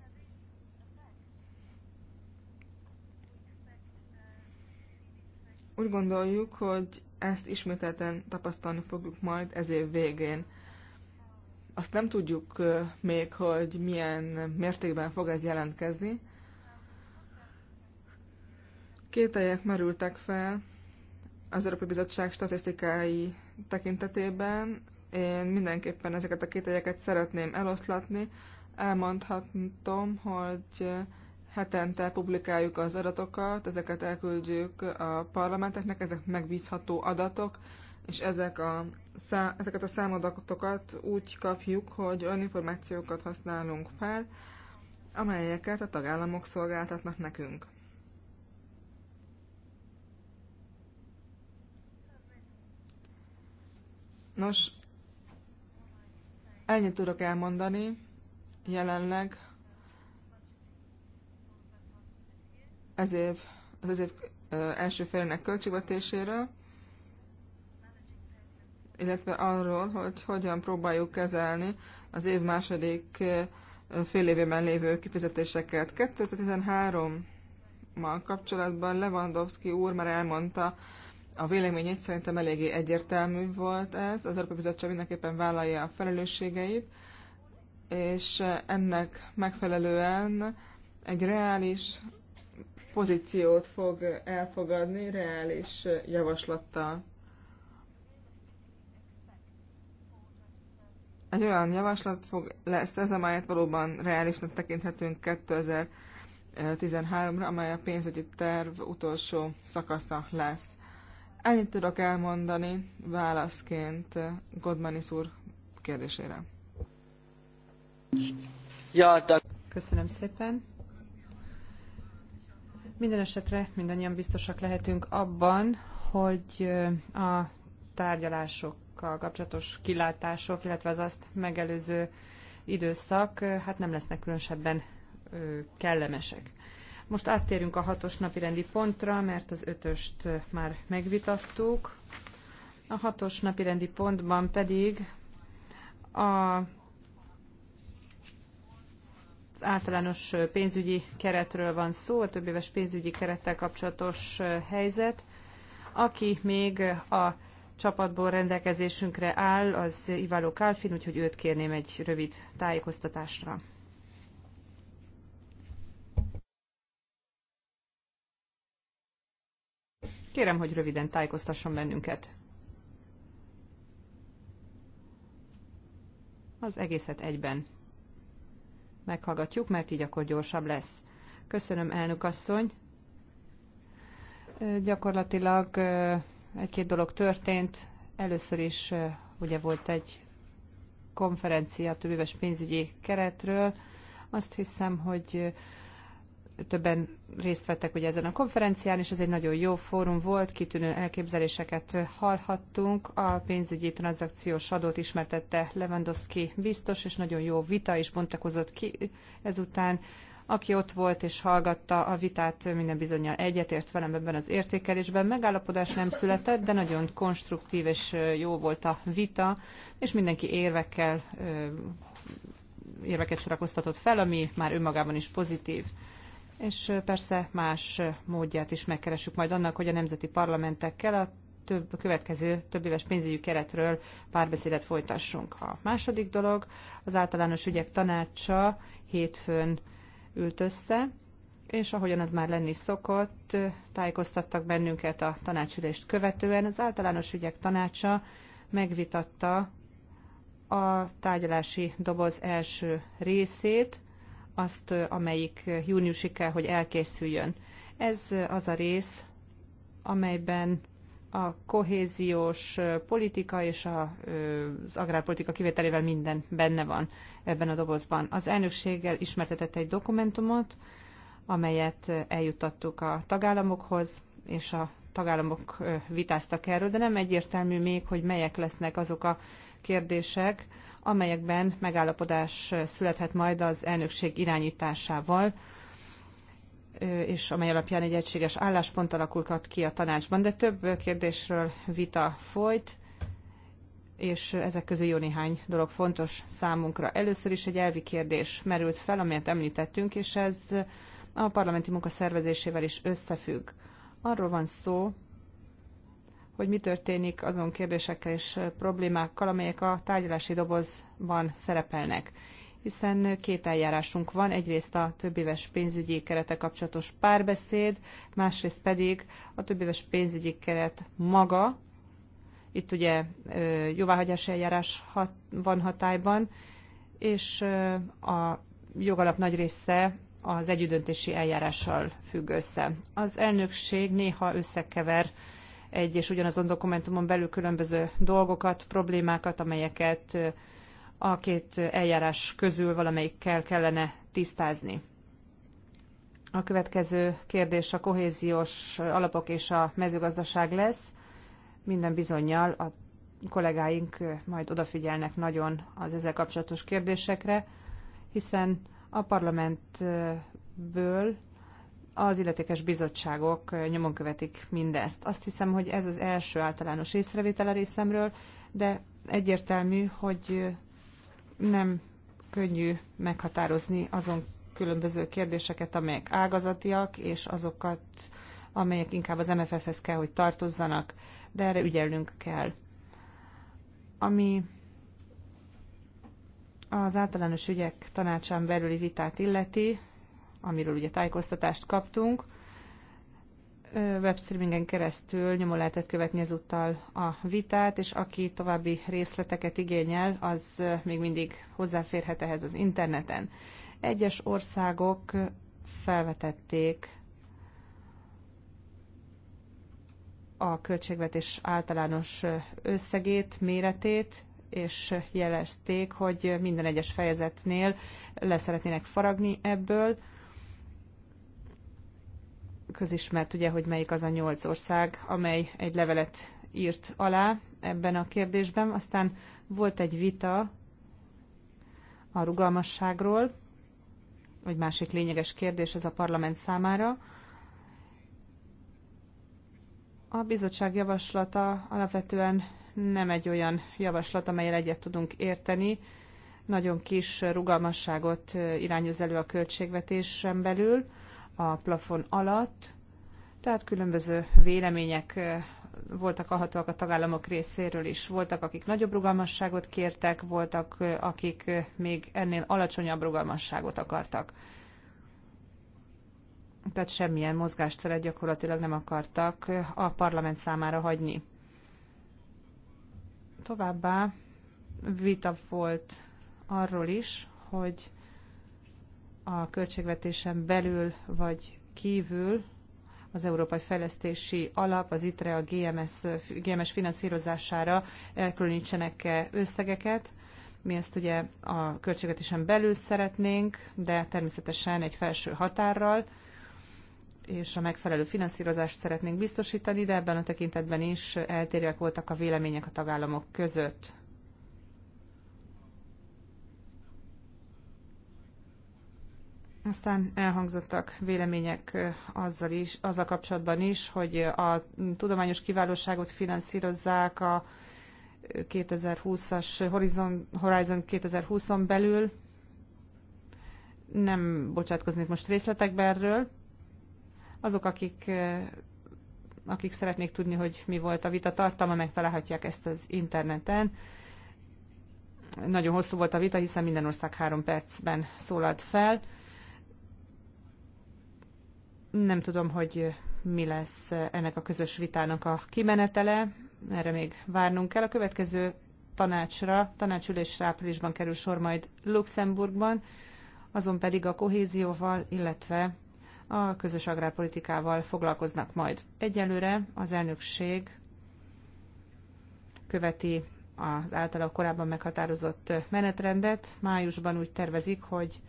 Úgy gondoljuk, hogy ezt ismételten tapasztalni fogjuk majd ez év végén. Azt nem tudjuk még, hogy milyen mértékben fog ez jelentkezni. Kételjek merültek fel, az Európai Bizottság statisztikái tekintetében. Én mindenképpen ezeket a két egyeket szeretném eloszlatni. Elmondhatom, hogy hetente publikáljuk az adatokat, ezeket elküldjük a parlamenteknek, ezek megbízható adatok, és ezek a szá- ezeket a számadatokat úgy kapjuk, hogy olyan információkat használunk fel, amelyeket a tagállamok szolgáltatnak nekünk. Nos, ennyit tudok elmondani jelenleg ez év, az ez év első félének költségvetéséről, illetve arról, hogy hogyan próbáljuk kezelni az év második fél évében lévő kifizetéseket. 2013-mal kapcsolatban Lewandowski úr már elmondta a véleményét, szerintem eléggé egyértelmű volt ez. Az Európai Bizottság mindenképpen vállalja a felelősségeit, és ennek megfelelően egy reális pozíciót fog elfogadni, reális javaslattal. Egy olyan javaslat fog, lesz ez, amelyet valóban reálisnak tekinthetünk 2013-ra, amely a pénzügyi terv utolsó szakasza lesz. Ennyit tudok elmondani válaszként Godmanis úr kérdésére. Ja, Köszönöm szépen. Minden esetre mindannyian biztosak lehetünk abban, hogy a tárgyalásokkal kapcsolatos kilátások, illetve az azt megelőző időszak hát nem lesznek különösebben kellemesek. Most áttérünk a hatos napi rendi pontra, mert az ötöst már megvitattuk. A hatos napi rendi pontban pedig a az általános pénzügyi keretről van szó, a éves pénzügyi kerettel kapcsolatos helyzet. Aki még a csapatból rendelkezésünkre áll, az Iváló Kálfin, úgyhogy őt kérném egy rövid tájékoztatásra. Kérem, hogy röviden tájékoztasson bennünket. Az egészet egyben. Meghallgatjuk, mert így akkor gyorsabb lesz. Köszönöm, elnök asszony. Gyakorlatilag egy-két dolog történt. Először is ugye volt egy konferencia több pénzügyi keretről. Azt hiszem, hogy többen részt vettek ugye ezen a konferencián, és ez egy nagyon jó fórum volt, kitűnő elképzeléseket hallhattunk. A pénzügyi tranzakciós adót ismertette Lewandowski biztos, és nagyon jó vita is bontakozott ki ezután. Aki ott volt és hallgatta a vitát, minden bizonyal egyetért velem ebben az értékelésben. Megállapodás nem született, de nagyon konstruktív és jó volt a vita, és mindenki érvekkel érveket sorakoztatott fel, ami már önmagában is pozitív és persze más módját is megkeressük majd annak, hogy a nemzeti parlamentekkel a több, következő több éves pénzügyi keretről párbeszédet folytassunk. A második dolog az általános ügyek tanácsa hétfőn ült össze, és ahogyan az már lenni szokott, tájékoztattak bennünket a tanácsülést követően. Az általános ügyek tanácsa megvitatta a tárgyalási doboz első részét, azt, amelyik júniusig kell, hogy elkészüljön. Ez az a rész, amelyben a kohéziós politika és a, az agrárpolitika kivételével minden benne van ebben a dobozban. Az elnökséggel ismertetett egy dokumentumot, amelyet eljuttattuk a tagállamokhoz, és a tagállamok vitáztak erről, de nem egyértelmű még, hogy melyek lesznek azok a kérdések, amelyekben megállapodás születhet majd az elnökség irányításával, és amely alapján egy egységes álláspont alakulhat ki a tanácsban, de több kérdésről vita folyt, és ezek közül jó néhány dolog fontos számunkra. Először is egy elvi kérdés merült fel, amelyet említettünk, és ez a parlamenti munka szervezésével is összefügg. Arról van szó, hogy mi történik azon kérdésekkel és problémákkal, amelyek a tárgyalási dobozban szerepelnek. Hiszen két eljárásunk van, egyrészt a többéves pénzügyi kerete kapcsolatos párbeszéd, másrészt pedig a többéves pénzügyi keret maga, itt ugye jóváhagyási eljárás hat, van hatályban, és a jogalap nagy része az együttdöntési eljárással függ össze. Az elnökség néha összekever egy és ugyanazon dokumentumon belül különböző dolgokat, problémákat, amelyeket a két eljárás közül valamelyikkel kellene tisztázni. A következő kérdés a kohéziós alapok és a mezőgazdaság lesz. Minden bizonyal a kollégáink majd odafigyelnek nagyon az ezzel kapcsolatos kérdésekre, hiszen a parlamentből az illetékes bizottságok nyomon követik mindezt. Azt hiszem, hogy ez az első általános észrevétel a részemről, de egyértelmű, hogy nem könnyű meghatározni azon különböző kérdéseket, amelyek ágazatiak, és azokat, amelyek inkább az MFF-hez kell, hogy tartozzanak, de erre ügyelnünk kell. Ami az általános ügyek tanácsán belüli vitát illeti, amiről ugye tájékoztatást kaptunk. Webstreamingen keresztül nyomon lehetett követni ezúttal a vitát, és aki további részleteket igényel, az még mindig hozzáférhet ehhez az interneten. Egyes országok felvetették a költségvetés általános összegét, méretét, és jelezték, hogy minden egyes fejezetnél leszeretnének faragni ebből közismert ugye, hogy melyik az a nyolc ország, amely egy levelet írt alá ebben a kérdésben. Aztán volt egy vita a rugalmasságról, vagy másik lényeges kérdés ez a parlament számára. A bizottság javaslata alapvetően nem egy olyan javaslat, amelyel egyet tudunk érteni. Nagyon kis rugalmasságot irányoz elő a költségvetésen belül a plafon alatt, tehát különböző vélemények voltak hallhatóak a tagállamok részéről is. Voltak, akik nagyobb rugalmasságot kértek, voltak, akik még ennél alacsonyabb rugalmasságot akartak. Tehát semmilyen mozgásteret gyakorlatilag nem akartak a parlament számára hagyni. Továbbá vita volt arról is, hogy a költségvetésen belül vagy kívül az Európai Fejlesztési Alap, az ITRE, a GMS, GMS finanszírozására elkülönítsenek -e összegeket. Mi ezt ugye a költségvetésen belül szeretnénk, de természetesen egy felső határral, és a megfelelő finanszírozást szeretnénk biztosítani, de ebben a tekintetben is eltérőek voltak a vélemények a tagállamok között. Aztán elhangzottak vélemények eh, azzal is, azzal kapcsolatban is, hogy a tudományos kiválóságot finanszírozzák a 2020-as eh, Horizon, Horizon 2020-on belül. Nem bocsátkoznék most részletekbe erről. Azok, akik, eh, akik szeretnék tudni, hogy mi volt a vita tartalma, megtalálhatják ezt az interneten. Nagyon hosszú volt a vita, hiszen minden ország három percben szólalt fel nem tudom, hogy mi lesz ennek a közös vitának a kimenetele, erre még várnunk kell. A következő tanácsra, tanácsülésre áprilisban kerül sor majd Luxemburgban, azon pedig a kohézióval, illetve a közös agrárpolitikával foglalkoznak majd. Egyelőre az elnökség követi az általa korábban meghatározott menetrendet. Májusban úgy tervezik, hogy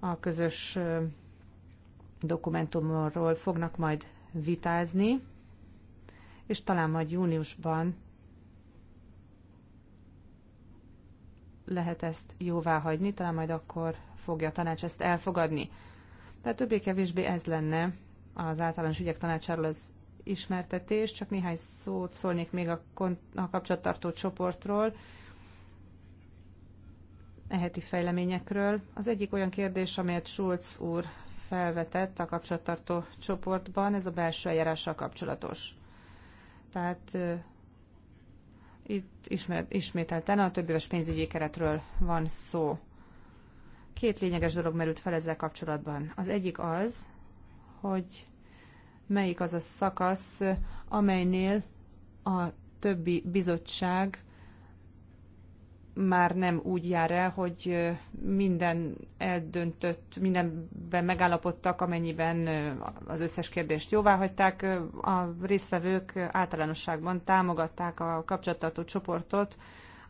a közös dokumentumról fognak majd vitázni, és talán majd júniusban lehet ezt jóvá hagyni, talán majd akkor fogja a tanács ezt elfogadni. De többé-kevésbé ez lenne az általános ügyek tanácsáról az ismertetés, csak néhány szót szólnék még a, a kapcsolattartó csoportról, eheti fejleményekről. Az egyik olyan kérdés, amelyet Schulz úr felvetett a kapcsolattartó csoportban, ez a belső eljárással kapcsolatos. Tehát itt ismételten a többéves pénzügyi keretről van szó. Két lényeges dolog merült fel ezzel kapcsolatban. Az egyik az, hogy melyik az a szakasz, amelynél a többi bizottság már nem úgy jár el, hogy minden eldöntött, mindenben megállapodtak, amennyiben az összes kérdést jóvá hagyták. A résztvevők általánosságban támogatták a kapcsolattartó csoportot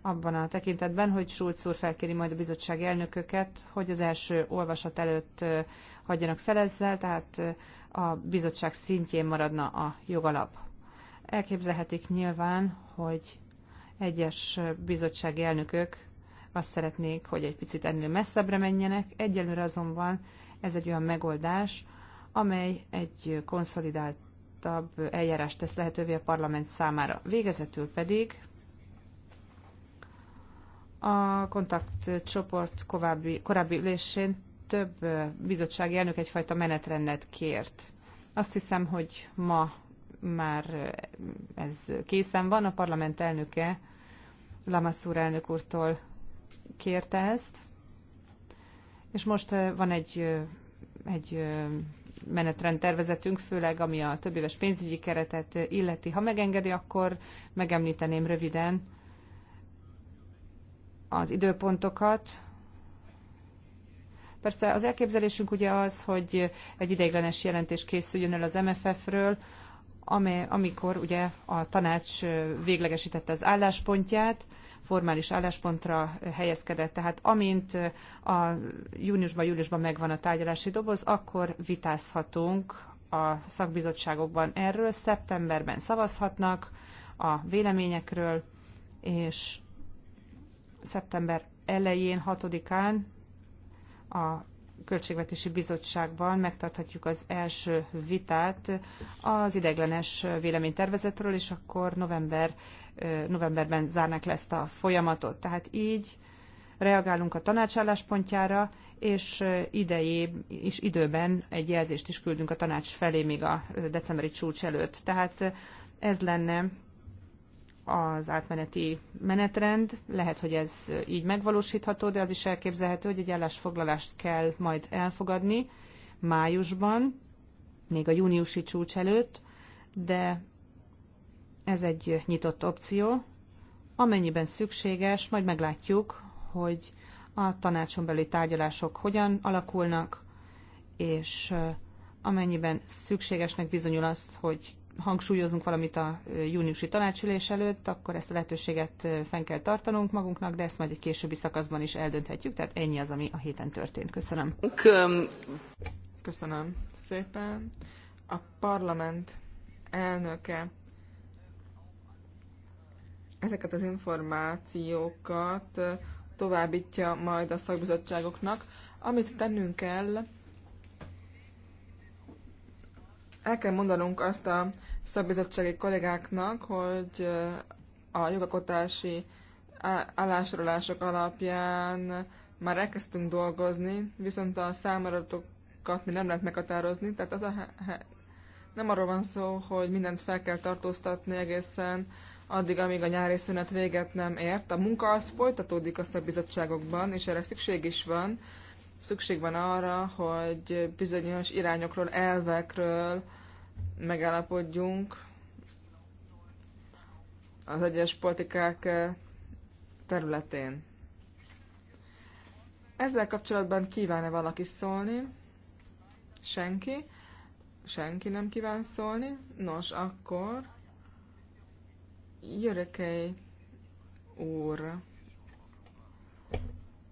abban a tekintetben, hogy Schulz úr felkéri majd a bizottság elnököket, hogy az első olvasat előtt hagyjanak fel ezzel, tehát a bizottság szintjén maradna a jogalap. Elképzelhetik nyilván, hogy egyes bizottsági elnökök azt szeretnék, hogy egy picit ennél messzebbre menjenek, egyelőre azonban ez egy olyan megoldás, amely egy konszolidáltabb eljárást tesz lehetővé a parlament számára. Végezetül pedig a kontaktcsoport korábbi, korábbi ülésén több bizottsági elnök egyfajta menetrendet kért. Azt hiszem, hogy ma már ez készen van. A parlament elnöke Lamassur elnök úrtól kérte ezt, és most eh, van egy, eh, egy eh, menetrend tervezetünk, főleg ami a többéves pénzügyi keretet illeti. Ha megengedi, akkor megemlíteném röviden az időpontokat, Persze az elképzelésünk ugye az, hogy egy ideiglenes jelentés készüljön el az MFF-ről, amely, amikor ugye a tanács véglegesítette az álláspontját, formális álláspontra helyezkedett. Tehát amint a júniusban, júliusban megvan a tárgyalási doboz, akkor vitázhatunk a szakbizottságokban erről. Szeptemberben szavazhatnak a véleményekről, és szeptember elején, 6-án a Költségvetési Bizottságban megtarthatjuk az első vitát az ideiglenes véleménytervezetről, és akkor november, novemberben zárnak le ezt a folyamatot. Tehát így reagálunk a tanácsálláspontjára, és idejé és időben egy jelzést is küldünk a tanács felé még a decemberi csúcs előtt. Tehát ez lenne az átmeneti menetrend. Lehet, hogy ez így megvalósítható, de az is elképzelhető, hogy egy állásfoglalást kell majd elfogadni májusban, még a júniusi csúcs előtt, de ez egy nyitott opció. Amennyiben szükséges, majd meglátjuk, hogy a tanácson belüli tárgyalások hogyan alakulnak, és amennyiben szükségesnek bizonyul az, hogy hangsúlyozunk valamit a júniusi tanácsülés előtt, akkor ezt a lehetőséget fenn kell tartanunk magunknak, de ezt majd egy későbbi szakaszban is eldönthetjük, tehát ennyi az, ami a héten történt. Köszönöm. Köszönöm szépen. A parlament elnöke ezeket az információkat továbbítja majd a szakbizottságoknak. Amit tennünk kell, el kell mondanunk azt a szakbizottsági kollégáknak, hogy a jogakotási állásrólások alapján már elkezdtünk dolgozni, viszont a számadatokat mi nem lehet meghatározni, tehát az a nem arról van szó, hogy mindent fel kell tartóztatni egészen addig, amíg a nyári szünet véget nem ért. A munka az folytatódik a szakbizottságokban, és erre szükség is van, szükség van arra, hogy bizonyos irányokról, elvekről megállapodjunk az egyes politikák eh, területén. Ezzel kapcsolatban kíván-e valaki szólni? Senki? Senki nem kíván szólni? Nos, akkor Jörökei úr.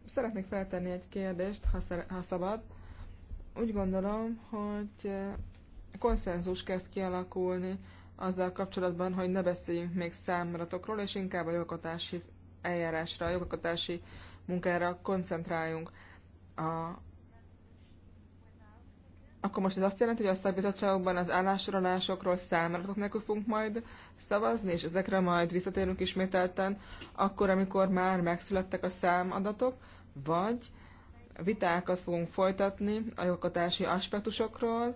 Szeretnék feltenni egy kérdést, ha, szere, ha szabad. Úgy gondolom, hogy eh, konszenzus kezd kialakulni azzal kapcsolatban, hogy ne beszéljünk még számratokról, és inkább a jogalkotási eljárásra, a jogalkotási munkára koncentráljunk. A... Akkor most ez azt jelenti, hogy a szakbizottságokban az állásorolásokról számratok nélkül fogunk majd szavazni, és ezekre majd visszatérünk ismételten, akkor, amikor már megszülettek a számadatok, vagy vitákat fogunk folytatni a jogokatási aspektusokról,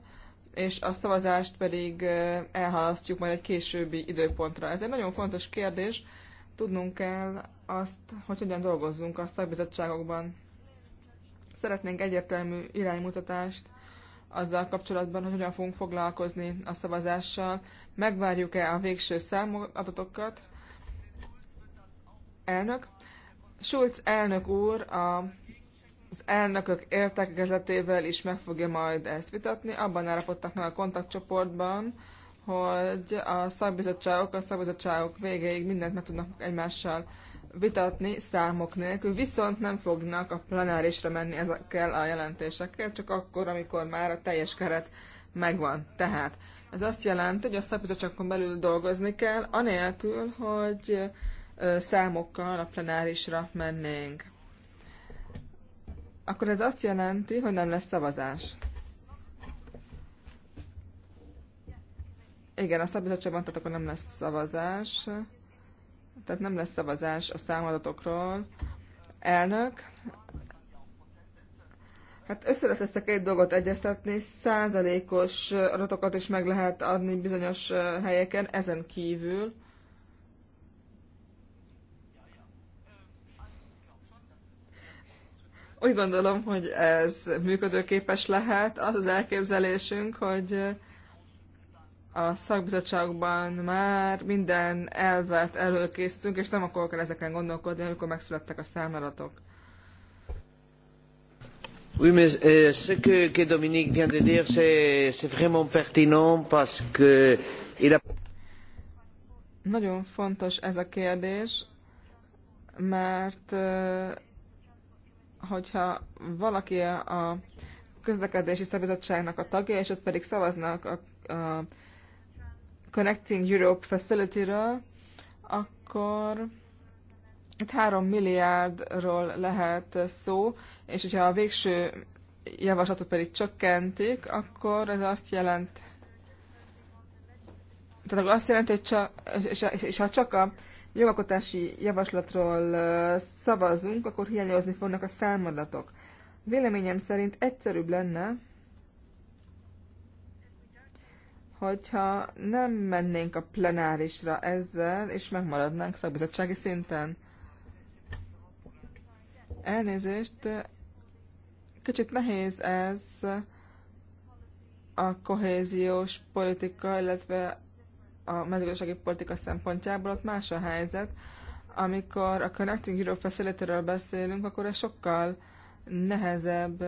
és a szavazást pedig elhalasztjuk majd egy későbbi időpontra. Ez egy nagyon fontos kérdés, tudnunk kell azt, hogy hogyan dolgozzunk a szakbizottságokban. Szeretnénk egyértelmű iránymutatást azzal kapcsolatban, hogy hogyan fogunk foglalkozni a szavazással, megvárjuk-e a végső számadatokat. Elnök, Schulz elnök úr a, az elnökök értekezetével is meg fogja majd ezt vitatni. Abban állapodtak meg a kontaktcsoportban, hogy a szakbizottságok a szakbizottságok végéig mindent meg tudnak egymással vitatni számok nélkül, viszont nem fognak a plenárisra menni ezekkel a jelentésekkel, csak akkor, amikor már a teljes keret megvan. Tehát ez azt jelenti, hogy a szakbizottságokon belül dolgozni kell, anélkül, hogy számokkal a plenárisra mennénk. Akkor ez azt jelenti, hogy nem lesz szavazás. Igen, a szabizottságban, tehát akkor nem lesz szavazás. Tehát nem lesz szavazás a számadatokról. Elnök, Hát összeleteztek egy dolgot egyeztetni, százalékos adatokat is meg lehet adni bizonyos helyeken, ezen kívül. Úgy gondolom, hogy ez működőképes lehet. Az az elképzelésünk, hogy a szakbizottságban már minden elvet előkészítünk, és nem akkor kell ezeken gondolkodni, amikor megszülettek a számlatok. Oui, mais euh, ce que, que Dominique vient de dire, c'est vraiment pertinent parce que il a... Nagyon fontos ez a kérdés, mert euh, hogyha valaki a közlekedési szabizottságnak a tagja, és ott pedig szavaznak a, a Connecting Europe Facility-ről, akkor itt három milliárdról lehet szó, és hogyha a végső javaslatot pedig csökkentik, akkor ez azt jelent, tehát azt jelenti, hogy csak, és, és, és ha csak a jogalkotási javaslatról szavazunk, akkor hiányozni fognak a számadatok. Véleményem szerint egyszerűbb lenne, hogyha nem mennénk a plenárisra ezzel, és megmaradnánk szakbizottsági szinten. Elnézést, kicsit nehéz ez a kohéziós politika, illetve a mezőgazdasági politika szempontjából ott más a helyzet. Amikor a Connecting Europe facility beszélünk, akkor ez sokkal nehezebb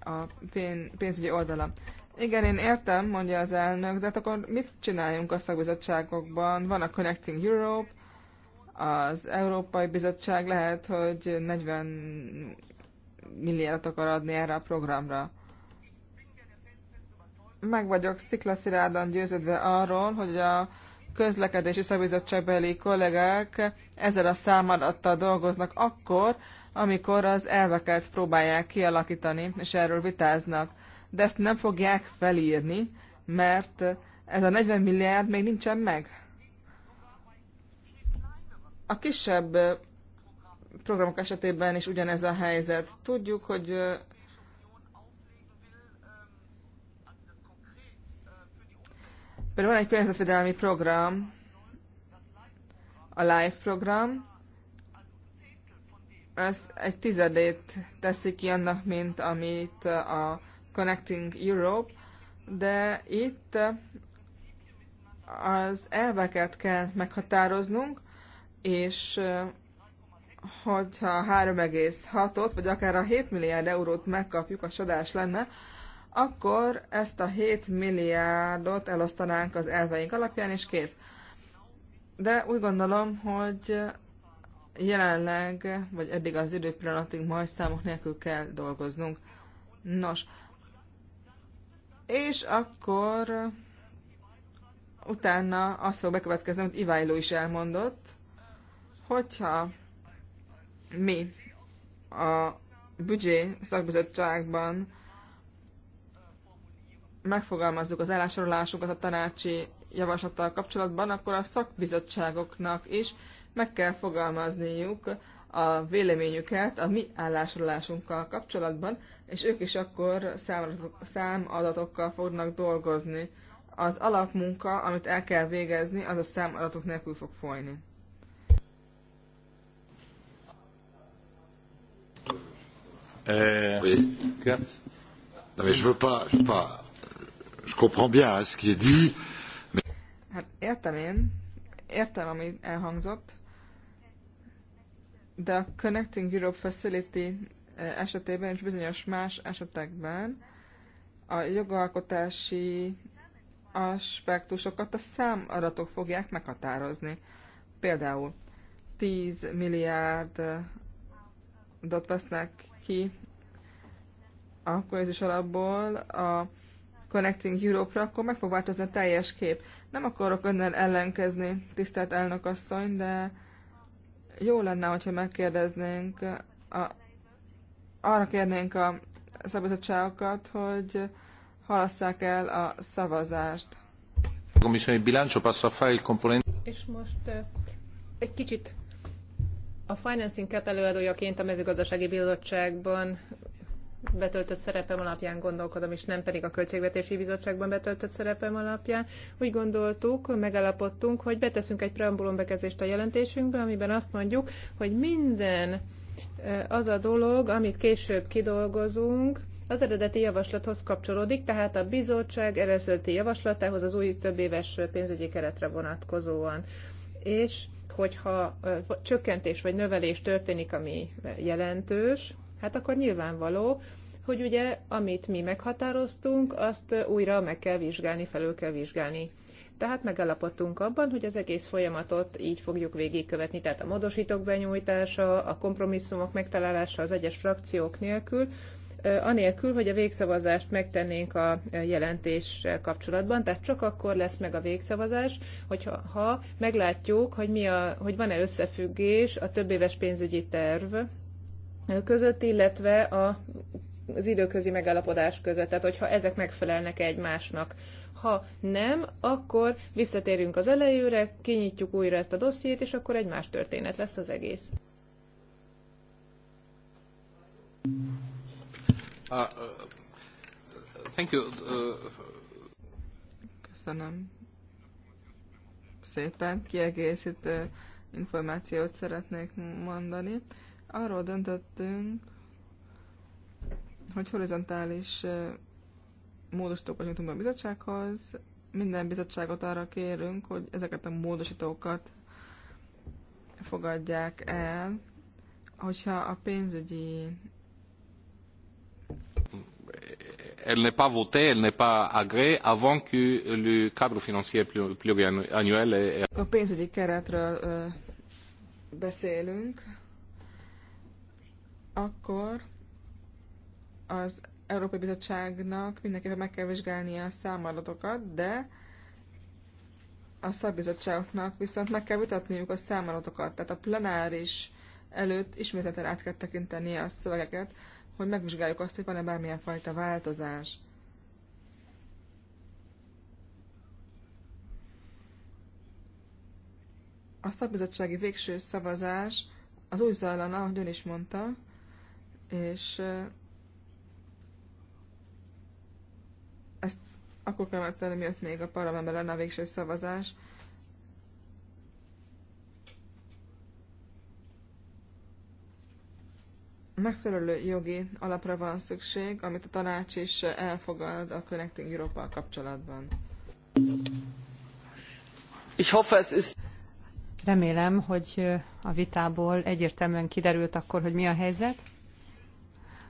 a pénzügyi oldala. Igen, én értem, mondja az elnök, de hát akkor mit csináljunk a szakbizottságokban? Van a Connecting Europe, az Európai Bizottság lehet, hogy 40 milliárdot akar adni erre a programra meg vagyok sziklaszirádan győződve arról, hogy a közlekedési szabizottságbeli kollégák ezzel a számadattal dolgoznak akkor, amikor az elveket próbálják kialakítani, és erről vitáznak. De ezt nem fogják felírni, mert ez a 40 milliárd még nincsen meg. A kisebb programok esetében is ugyanez a helyzet. Tudjuk, hogy Például van egy környezetvédelmi program, a LIFE program, ez egy tizedét teszi ki annak, mint amit a Connecting Europe, de itt az elveket kell meghatároznunk, és hogyha 3,6-ot, vagy akár a 7 milliárd eurót megkapjuk, a csodás lenne, akkor ezt a 7 milliárdot elosztanánk az elveink alapján, és kész. De úgy gondolom, hogy jelenleg, vagy eddig az időpillanatig majd számok nélkül kell dolgoznunk. Nos, és akkor utána azt fog bekövetkezni, amit Iványló is elmondott, hogyha mi a büdzsé szakbizottságban megfogalmazzuk az állásolásunkat a tanácsi javaslattal kapcsolatban, akkor a szakbizottságoknak is meg kell fogalmazniuk a véleményüket a mi állásolásunkkal kapcsolatban, és ők is akkor számadatokkal fognak dolgozni. Az alapmunka, amit el kell végezni, az a számadatok nélkül fog folyni. Eh, oui. Quatre. Non mais je veux pas, je veux pas je comprends bien hein, ce qui est dit. Mais... Hát értem én, értem, ami elhangzott, de a Connecting Europe Facility eh, esetében és bizonyos más esetekben a jogalkotási aspektusokat a számadatok fogják meghatározni. Például 10 milliárdot vesznek ki a kohézis alapból a Connecting Europe-ra, akkor meg fog változni a teljes kép. Nem akarok önnel ellenkezni, tisztelt elnökasszony, de jó lenne, hogyha megkérdeznénk, a, arra kérnénk a szabadságokat, hogy halasszák el a szavazást. És most egy kicsit a Financing Cap előadójaként a mezőgazdasági bizottságban betöltött szerepem alapján gondolkodom, és nem pedig a Költségvetési Bizottságban betöltött szerepem alapján. Úgy gondoltuk, megállapodtunk, hogy beteszünk egy preambulum bekezdést a jelentésünkbe, amiben azt mondjuk, hogy minden az a dolog, amit később kidolgozunk, az eredeti javaslathoz kapcsolódik, tehát a bizottság eredeti javaslatához az új éves pénzügyi keretre vonatkozóan. És hogyha csökkentés vagy növelés történik, ami jelentős, Hát akkor nyilvánvaló, hogy ugye amit mi meghatároztunk, azt újra meg kell vizsgálni, felül kell vizsgálni. Tehát megállapodtunk abban, hogy az egész folyamatot így fogjuk végigkövetni, tehát a módosítók benyújtása, a kompromisszumok megtalálása az egyes frakciók nélkül, anélkül, hogy a végszavazást megtennénk a jelentés kapcsolatban, tehát csak akkor lesz meg a végszavazás, hogyha ha meglátjuk, hogy, mi a, hogy van-e összefüggés a több éves pénzügyi terv, között, illetve a, az időközi megállapodás között, tehát hogyha ezek megfelelnek egymásnak. Ha nem, akkor visszatérünk az elejőre, kinyitjuk újra ezt a dossziét, és akkor egy más történet lesz az egész. Uh, uh, thank you. Uh... Köszönöm szépen. Kiegészítő információt szeretnék mondani. Arról döntöttünk, hogy horizontális módosítókat nyújtunk be a bizottsághoz, minden bizottságot arra kérünk, hogy ezeket a módosítókat fogadják el, hogyha a pénzügyi elle n'est pas votée, elle n'est pas agréée avant que le cadre financier pluriannuel. A pénzügyi keretről beszélünk, akkor az Európai Bizottságnak mindenképpen meg kell vizsgálnia a számadatokat, de a szakbizottságoknak viszont meg kell vitatniuk a számadatokat. Tehát a plenáris előtt ismételten át kell tekinteni a szövegeket, hogy megvizsgáljuk azt, hogy van-e bármilyen fajta változás. A szakbizottsági végső szavazás az úgy zajlana, ahogy ön is mondta, és ezt akkor kell megtenni, miatt még a parlamentben lenne a végső szavazás. Megfelelő jogi alapra van szükség, amit a tanács is elfogad a Connecting europe kapcsolatban. Ich hoffe, es ist Remélem, hogy a vitából egyértelműen kiderült akkor, hogy mi a helyzet.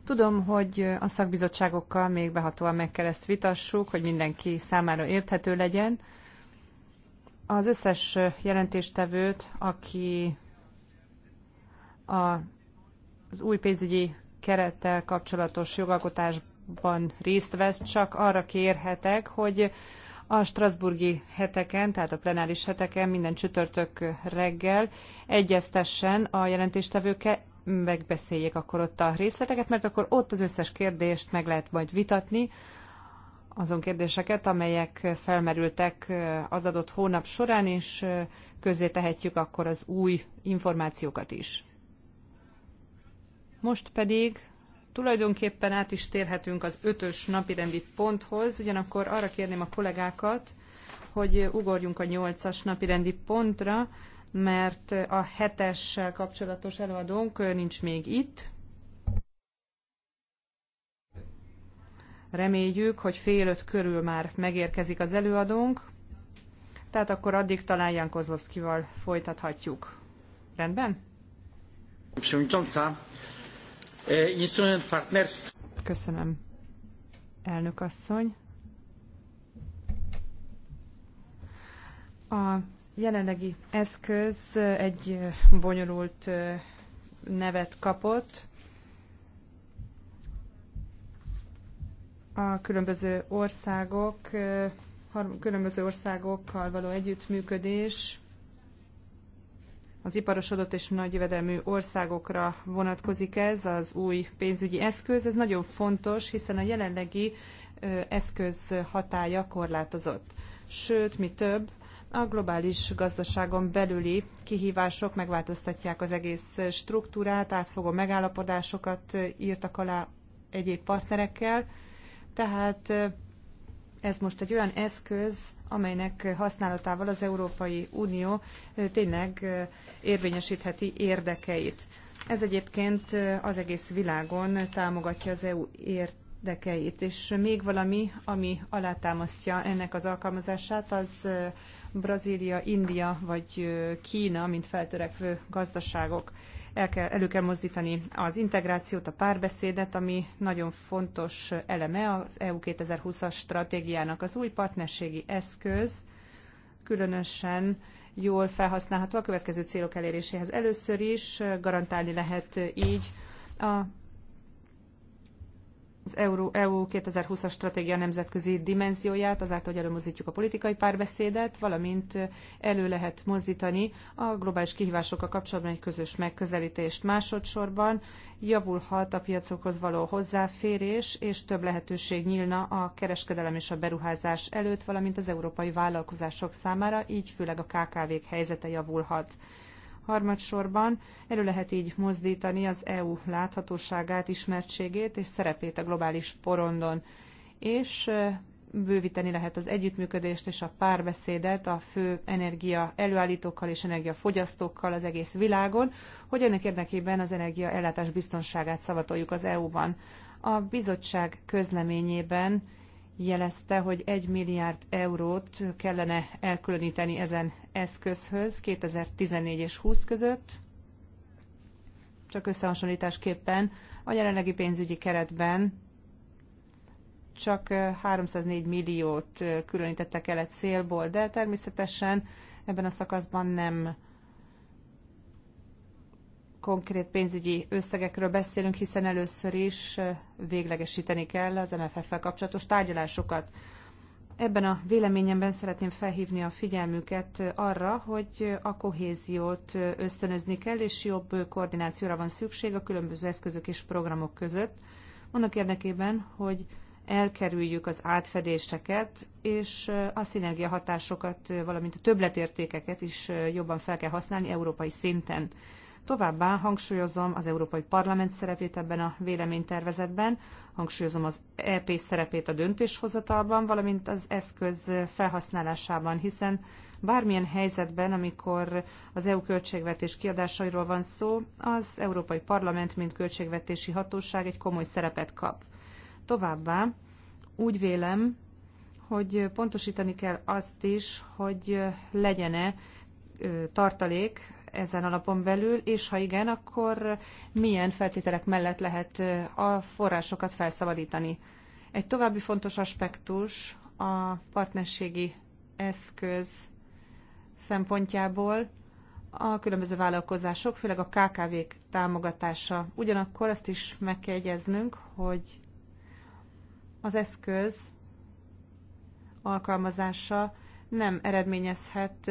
Tudom, hogy a szakbizottságokkal még behatóan meg kell ezt vitassuk, hogy mindenki számára érthető legyen. Az összes jelentéstevőt, aki a, az új pénzügyi kerettel kapcsolatos jogalkotásban részt vesz, csak arra kérhetek, hogy a Strasburgi heteken, tehát a plenáris heteken minden csütörtök reggel egyeztessen a jelentéstevőkkel, megbeszéljék akkor ott a részleteket, mert akkor ott az összes kérdést meg lehet majd vitatni, azon kérdéseket, amelyek felmerültek az adott hónap során, és közzé tehetjük akkor az új információkat is. Most pedig tulajdonképpen át is térhetünk az ötös napirendi ponthoz, ugyanakkor arra kérném a kollégákat, hogy ugorjunk a nyolcas napirendi pontra, mert a hetessel kapcsolatos előadónk nincs még itt. Reméljük, hogy fél öt körül már megérkezik az előadónk, tehát akkor addig talán Jan Kozlovszkival folytathatjuk. Rendben? E, Köszönöm, elnök asszony. A jelenlegi eszköz egy bonyolult nevet kapott. A különböző országok, különböző országokkal való együttműködés az iparosodott és nagy jövedelmű országokra vonatkozik ez, az új pénzügyi eszköz. Ez nagyon fontos, hiszen a jelenlegi eszköz hatája korlátozott. Sőt, mi több, a globális gazdaságon belüli kihívások megváltoztatják az egész struktúrát, átfogó megállapodásokat írtak alá egyéb partnerekkel, tehát ez most egy olyan eszköz, amelynek használatával az Európai Unió tényleg érvényesítheti érdekeit. Ez egyébként az egész világon támogatja az EU ért érdekeit. És még valami, ami alátámasztja ennek az alkalmazását, az Brazília, India vagy Kína, mint feltörekvő gazdaságok. El kell, elő kell mozdítani az integrációt, a párbeszédet, ami nagyon fontos eleme az EU 2020-as stratégiának. Az új partnerségi eszköz különösen jól felhasználható a következő célok eléréséhez. Először is garantálni lehet így a az EU 2020-as e stratégia nemzetközi dimenzióját, azáltal, hogy előmozdítjuk a politikai párbeszédet, valamint elő lehet mozdítani a globális kihívásokkal kapcsolatban egy közös megközelítést. Másodszorban javulhat a piacokhoz való hozzáférés, és több lehetőség nyílna a kereskedelem és a beruházás előtt, valamint az európai vállalkozások számára, így főleg a KKV-k helyzete javulhat. Harmadsorban elő lehet így mozdítani az EU láthatóságát, ismertségét és szerepét a globális porondon, és bővíteni lehet az együttműködést és a párbeszédet a fő energia előállítókkal és energiafogyasztókkal az egész világon, hogy ennek érdekében az energia ellátás biztonságát szavatoljuk az EU-ban. A bizottság közleményében jelezte, hogy 1 milliárd eurót kellene elkülöníteni ezen eszközhöz 2014 és 20 között. Csak összehasonlításképpen a jelenlegi pénzügyi keretben csak 304 eh, milliót eh, különítettek el egy célból, de természetesen ebben a szakaszban nem konkrét pénzügyi összegekről beszélünk, hiszen először is véglegesíteni kell az MFF-fel kapcsolatos tárgyalásokat. Ebben a véleményemben szeretném felhívni a figyelmüket arra, hogy a kohéziót ösztönözni kell, és jobb koordinációra van szükség a különböző eszközök és programok között, annak érdekében, hogy elkerüljük az átfedéseket, és a szinergiahatásokat, valamint a többletértékeket is jobban fel kell használni európai szinten. Továbbá hangsúlyozom az Európai Parlament szerepét ebben a véleménytervezetben, hangsúlyozom az EP szerepét a döntéshozatalban, valamint az eszköz felhasználásában, hiszen bármilyen helyzetben, amikor az EU költségvetés kiadásairól van szó, az Európai Parlament, mint költségvetési hatóság egy komoly szerepet kap. Továbbá úgy vélem, hogy pontosítani kell azt is, hogy legyen-e tartalék ezen alapon belül, és ha igen, akkor milyen feltételek mellett lehet a forrásokat felszabadítani. Egy további fontos aspektus a partnerségi eszköz szempontjából a különböző vállalkozások, főleg a KKV-k támogatása. Ugyanakkor azt is meg kell jegyeznünk, hogy az eszköz alkalmazása nem eredményezhet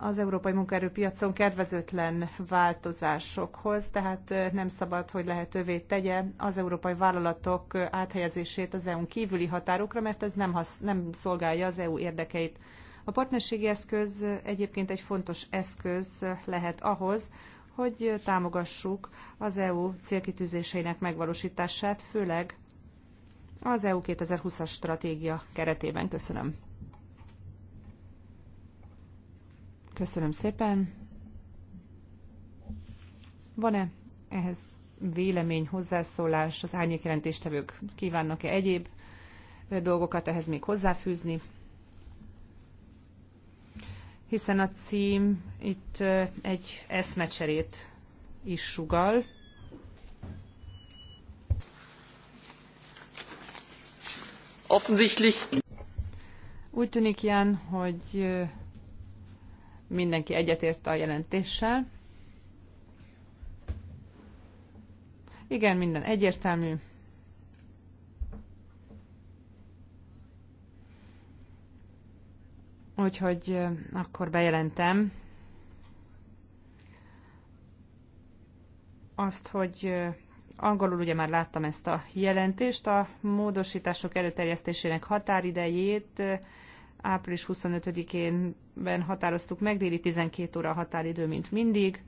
az európai munkaerőpiacon kedvezőtlen változásokhoz, tehát nem szabad, hogy lehetővé tegye az európai vállalatok áthelyezését az EU-n kívüli határokra, mert ez nem, hasz, nem szolgálja az EU érdekeit. A partnerségi eszköz egyébként egy fontos eszköz lehet ahhoz, hogy támogassuk az EU célkitűzéseinek megvalósítását, főleg az EU 2020-as stratégia keretében. Köszönöm. Köszönöm szépen. Van-e ehhez vélemény, hozzászólás, az jelentéstevők kívánnak-e egyéb dolgokat ehhez még hozzáfűzni? Hiszen a cím itt egy eszmecserét is sugal. Offensichtlich. Úgy tűnik, Jan, hogy mindenki egyetért a jelentéssel. Igen, minden egyértelmű. Úgyhogy akkor bejelentem azt, hogy angolul ugye már láttam ezt a jelentést, a módosítások előterjesztésének határidejét április 25-én ben határoztuk meg, déli 12 óra a határidő, mint mindig.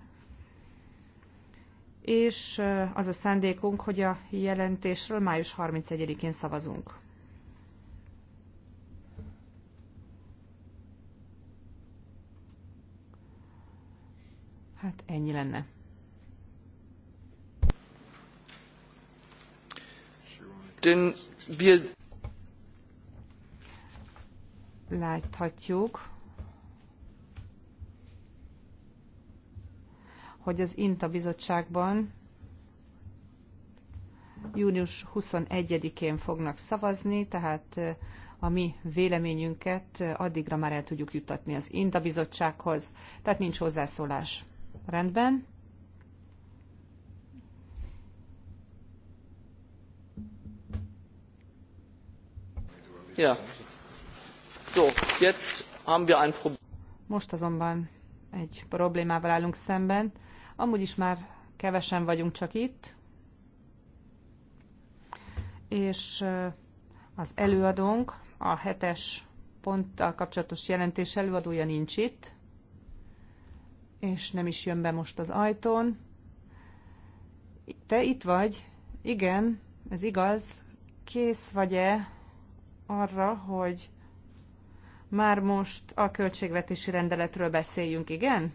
És az a szándékunk, hogy a jelentésről május 31-én szavazunk. Hát ennyi lenne. Denn wir láthatjuk, hogy az INTA bizottságban június 21-én fognak szavazni, tehát eh, a mi véleményünket eh, addigra már el tudjuk jutatni az INTA bizottsághoz, tehát nincs hozzászólás. Rendben. Yeah. Most azonban egy problémával állunk szemben. Amúgy is már kevesen vagyunk csak itt, és az előadónk, a hetes ponttal kapcsolatos jelentés előadója nincs itt, és nem is jön be most az ajtón. Te itt vagy? Igen, ez igaz. Kész vagy-e arra, hogy már most a költségvetési rendeletről beszéljünk, igen?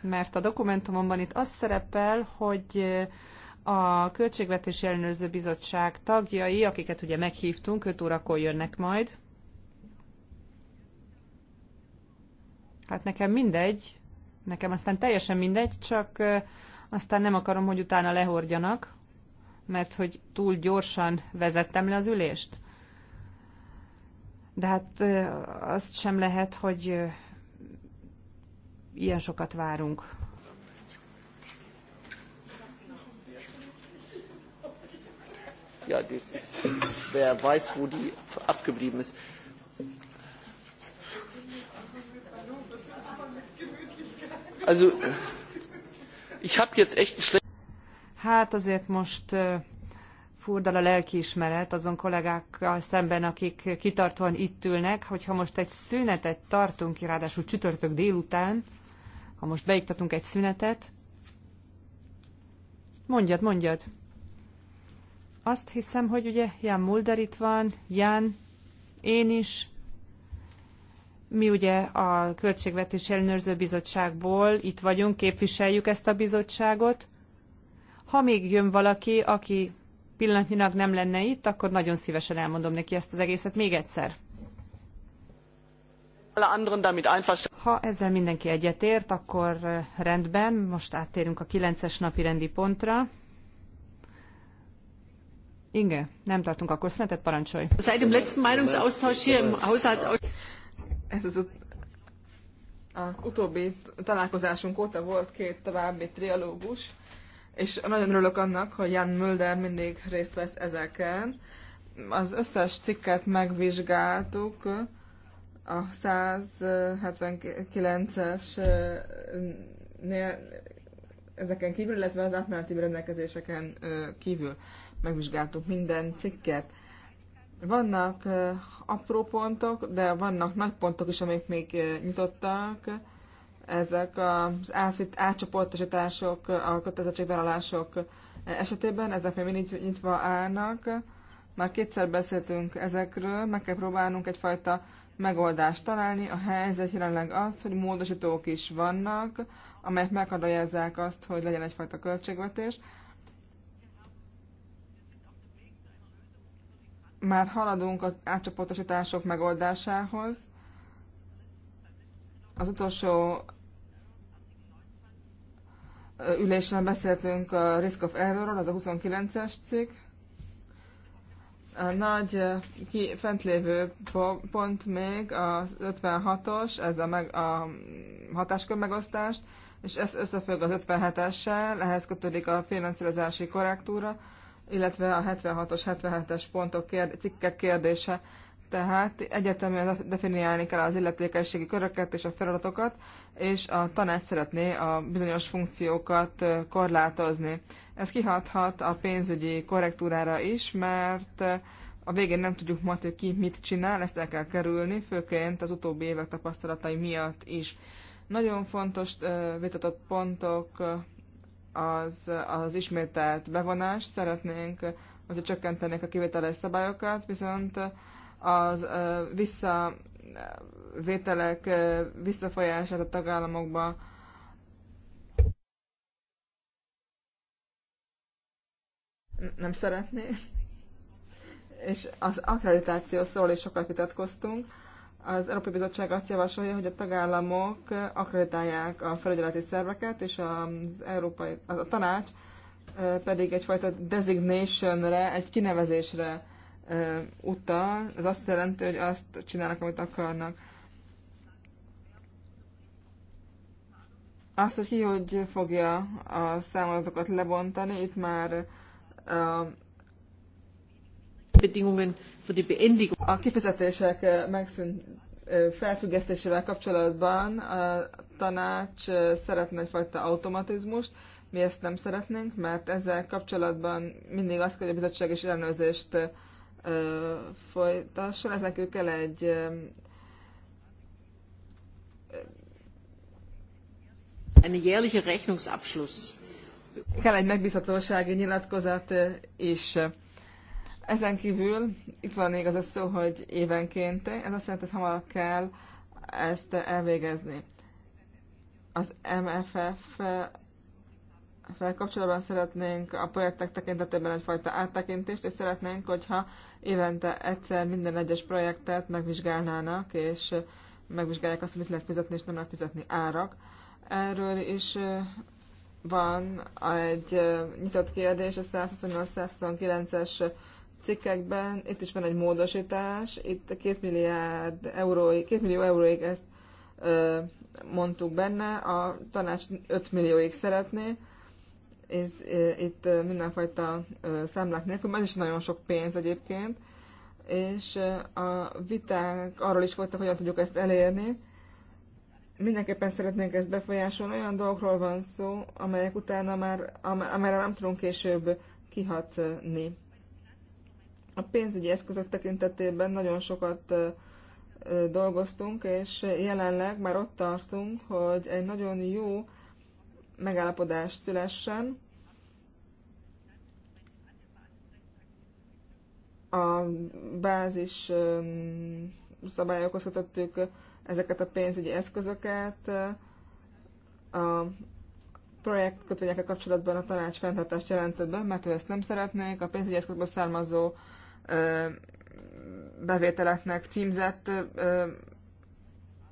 Mert a dokumentumomban itt az szerepel, hogy a Költségvetési Ellenőrző Bizottság tagjai, akiket ugye meghívtunk, 5 órakor jönnek majd. Hát nekem mindegy, nekem aztán teljesen mindegy, csak aztán nem akarom, hogy utána lehordjanak mert hogy túl gyorsan vezettem le az ülést. De hát azt sem lehet, hogy ilyen sokat várunk. Ja, das ist, das, wer weiß, wo die abgeblieben ist. Also, ich habe jetzt echt ein schlechtes. Hát azért most furdal a lelkiismeret azon kollégákkal szemben, akik kitartóan itt ülnek, hogyha most egy szünetet tartunk, ráadásul csütörtök délután, ha most beiktatunk egy szünetet, mondjad, mondjad. Azt hiszem, hogy ugye Jan Mulder itt van, Jan, én is, mi ugye a Költségvetés Ellenőrző Bizottságból itt vagyunk, képviseljük ezt a bizottságot, ha még jön valaki, aki pillanatnyilag nem lenne itt, akkor nagyon szívesen elmondom neki ezt az egészet még egyszer. Ha ezzel mindenki egyetért, akkor eh, rendben, most áttérünk a 9-es napi rendi pontra. Inge, nem tartunk akkor szünetet, parancsolj. Seit dem letzten Meinungsaustausch hier im Haushaltsausschuss. az utóbbi találkozásunk óta volt két további trialógus, és nagyon örülök annak, hogy Jan Mulder mindig részt vesz ezeken. Az összes cikket megvizsgáltuk, a 179 es ezeken kívül, illetve az átmeneti rendelkezéseken kívül megvizsgáltuk minden cikket. Vannak apró pontok, de vannak nagy pontok is, amik még nyitottak ezek az átcsoportosítások, a kötelezettségvállalások esetében, ezek még mindig nyitva állnak. Már kétszer beszéltünk ezekről, meg kell próbálnunk egyfajta megoldást találni. A helyzet jelenleg az, hogy módosítók is vannak, amelyek megakadályozzák azt, hogy legyen egyfajta költségvetés. Már haladunk az átcsoportosítások megoldásához. Az utolsó ülésen beszéltünk a Risk of Errorról, az a 29-es cikk. A nagy eh, ki, lévő pont még az 56-os, ez a, meg, a hatáskör megosztást, és ez összefügg az 57-essel, ehhez kötődik a finanszírozási korrektúra, illetve a 76-os, 77-es pontok kérd, cikkek kérdése tehát egyetemben definiálni kell az illetékességi köröket és a feladatokat, és a tanács szeretné a bizonyos funkciókat korlátozni. Ez kihathat a pénzügyi korrektúrára is, mert a végén nem tudjuk majd, hogy ki mit csinál, ezt el kell kerülni, főként az utóbbi évek tapasztalatai miatt is. Nagyon fontos vitatott pontok az, az ismételt bevonás. Szeretnénk, hogyha csökkentenék a kivételes szabályokat, viszont az visszavételek visszafolyását a tagállamokba. Nem szeretné. És az akkreditáció szól és sokat vitatkoztunk. Az Európai Bizottság azt javasolja, hogy a tagállamok akkreditálják a felügyeleti szerveket, és az Európai, az a tanács pedig egyfajta designationre, egy kinevezésre utal, az azt jelenti, hogy azt csinálnak, amit akarnak. Azt, hogy ki hogy fogja a számadatokat lebontani, itt már a kifizetések megszűnt felfüggesztésével kapcsolatban a tanács szeretne egyfajta automatizmust, mi ezt nem szeretnénk, mert ezzel kapcsolatban mindig azt kell, hogy a bizottság is ellenőrzést folytasson. Ez nekünk kell egy Eine jährliche Rechnungsabschluss. Kell egy megbízhatósági nyilatkozat is. Ezen kívül itt van még az a szó, hogy évenként, ez azt jelenti, hogy hamar kell ezt elvégezni. Az MFF felkapcsolatban szeretnénk a projektek tekintetében egyfajta áttekintést, és szeretnénk, hogyha évente egyszer minden egyes projektet megvizsgálnának, és megvizsgálják azt, amit lehet fizetni, és nem lehet fizetni árak. Erről is van egy nyitott kérdés a 128-129-es cikkekben. Itt is van egy módosítás. Itt 2 milliárd eurói, 2 millió euróig ezt mondtuk benne, a tanács 5 millióig szeretné és itt mindenfajta számlák nélkül, ez is nagyon sok pénz egyébként, és a viták arról is voltak, hogyan tudjuk ezt elérni. Mindenképpen szeretnénk ezt befolyásolni, olyan dolgokról van szó, amelyek utána már, amelyre nem tudunk később kihatni. A pénzügyi eszközök tekintetében nagyon sokat dolgoztunk, és jelenleg már ott tartunk, hogy egy nagyon jó megállapodás szülessen. A bázis szabályokhoz kötöttük ezeket a pénzügyi eszközöket. A projekt kötvényekkel kapcsolatban a tanács fenntartást jelentett be, mert ő ezt nem szeretnék. A pénzügyi eszközből származó bevételeknek címzett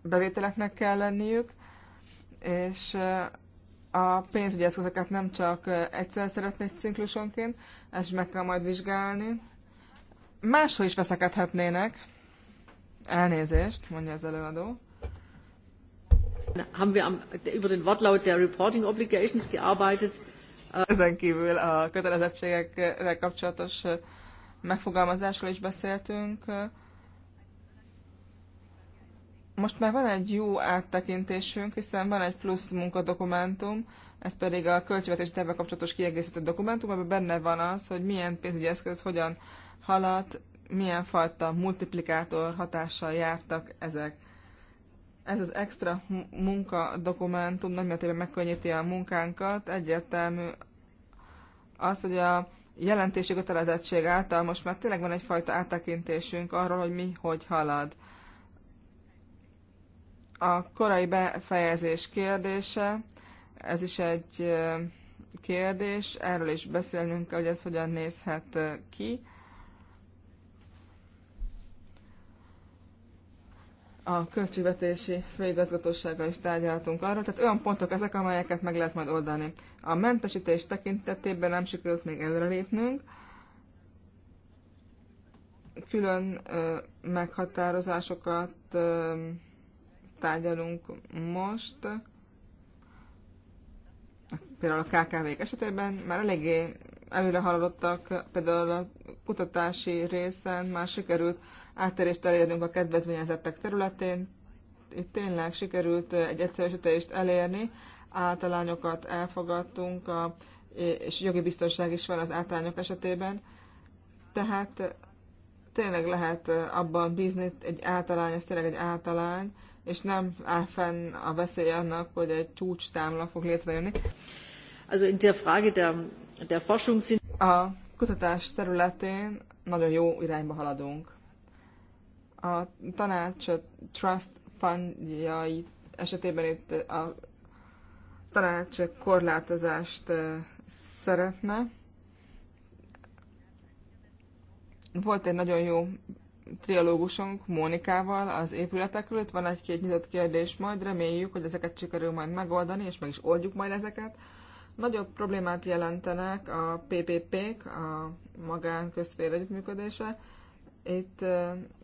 bevételeknek kell lenniük, és a pénzügyi eszközöket nem csak egyszer egy ciklusonként, ezt meg kell majd vizsgálni. Máshol is veszekedhetnének. Elnézést, mondja az előadó. Haben wir am, über den Wortlaut der Reporting Obligations gearbeitet. Äh, Ezen kívül a kötelezettségekre kapcsolatos megfogalmazásról is beszéltünk. Most már van egy jó áttekintésünk, hiszen van egy plusz munkadokumentum, ez pedig a költségvetési tervvel kapcsolatos kiegészítő dokumentum, amiben benne van az, hogy milyen pénzügyi eszköz hogyan haladt, milyen fajta multiplikátor hatással jártak ezek. Ez az extra munkadokumentum nagymértékben megkönnyíti a munkánkat, egyértelmű az, hogy a jelentési kötelezettség által most már tényleg van egyfajta áttekintésünk arról, hogy mi hogy halad. A korai befejezés kérdése, ez is egy kérdés, erről is beszélnünk kell, hogy ez hogyan nézhet ki. a költségvetési főigazgatósággal is tárgyaltunk arról, tehát olyan pontok ezek, amelyeket meg lehet majd oldani. A mentesítés tekintetében nem sikerült még előrelépnünk, külön ö, meghatározásokat ö, tárgyalunk most, például a KKV-k esetében már eléggé előre haladottak, például a kutatási részen már sikerült átterést elérnünk a kedvezményezettek területén, itt tényleg sikerült egy egyszerűsítést elérni, általányokat elfogadtunk, a, és jogi biztonság is van az általányok esetében, tehát tényleg lehet abban bízni, egy általány, ez tényleg egy általány, és nem áll fenn a veszély annak, hogy egy csúcs számla fog létrejönni. Also in der Frage der, der Forschung sind... A kutatás területén nagyon jó irányba haladunk. A tanács a trust fundjai esetében itt a tanács korlátozást szeretne. Volt egy nagyon jó trialógusunk Mónikával az épületekről. Itt van egy-két nyitott kérdés majd, reméljük, hogy ezeket sikerül majd megoldani, és meg is oldjuk majd ezeket. Nagyobb problémát jelentenek a PPP-k, a magán együttműködése. Itt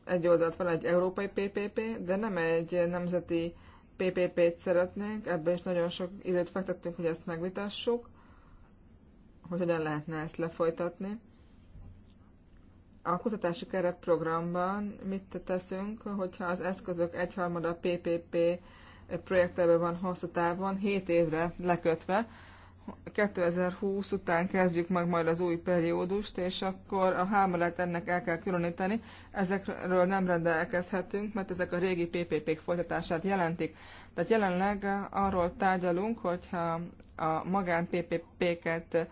egy oldalt van egy európai PPP, de nem egy nemzeti PPP-t szeretnénk, ebben is nagyon sok időt fektettünk, hogy ezt megvitassuk, hogy hogyan lehetne ezt lefolytatni a kutatási keretprogramban mit teszünk, hogyha az eszközök egyharmada PPP projektelben van hosszú távon, 7 évre lekötve. 2020 után kezdjük meg majd az új periódust, és akkor a hámalát ennek el kell különíteni. Ezekről nem rendelkezhetünk, mert ezek a régi PPP-k folytatását jelentik. Tehát jelenleg arról tárgyalunk, hogyha a magán PPP-ket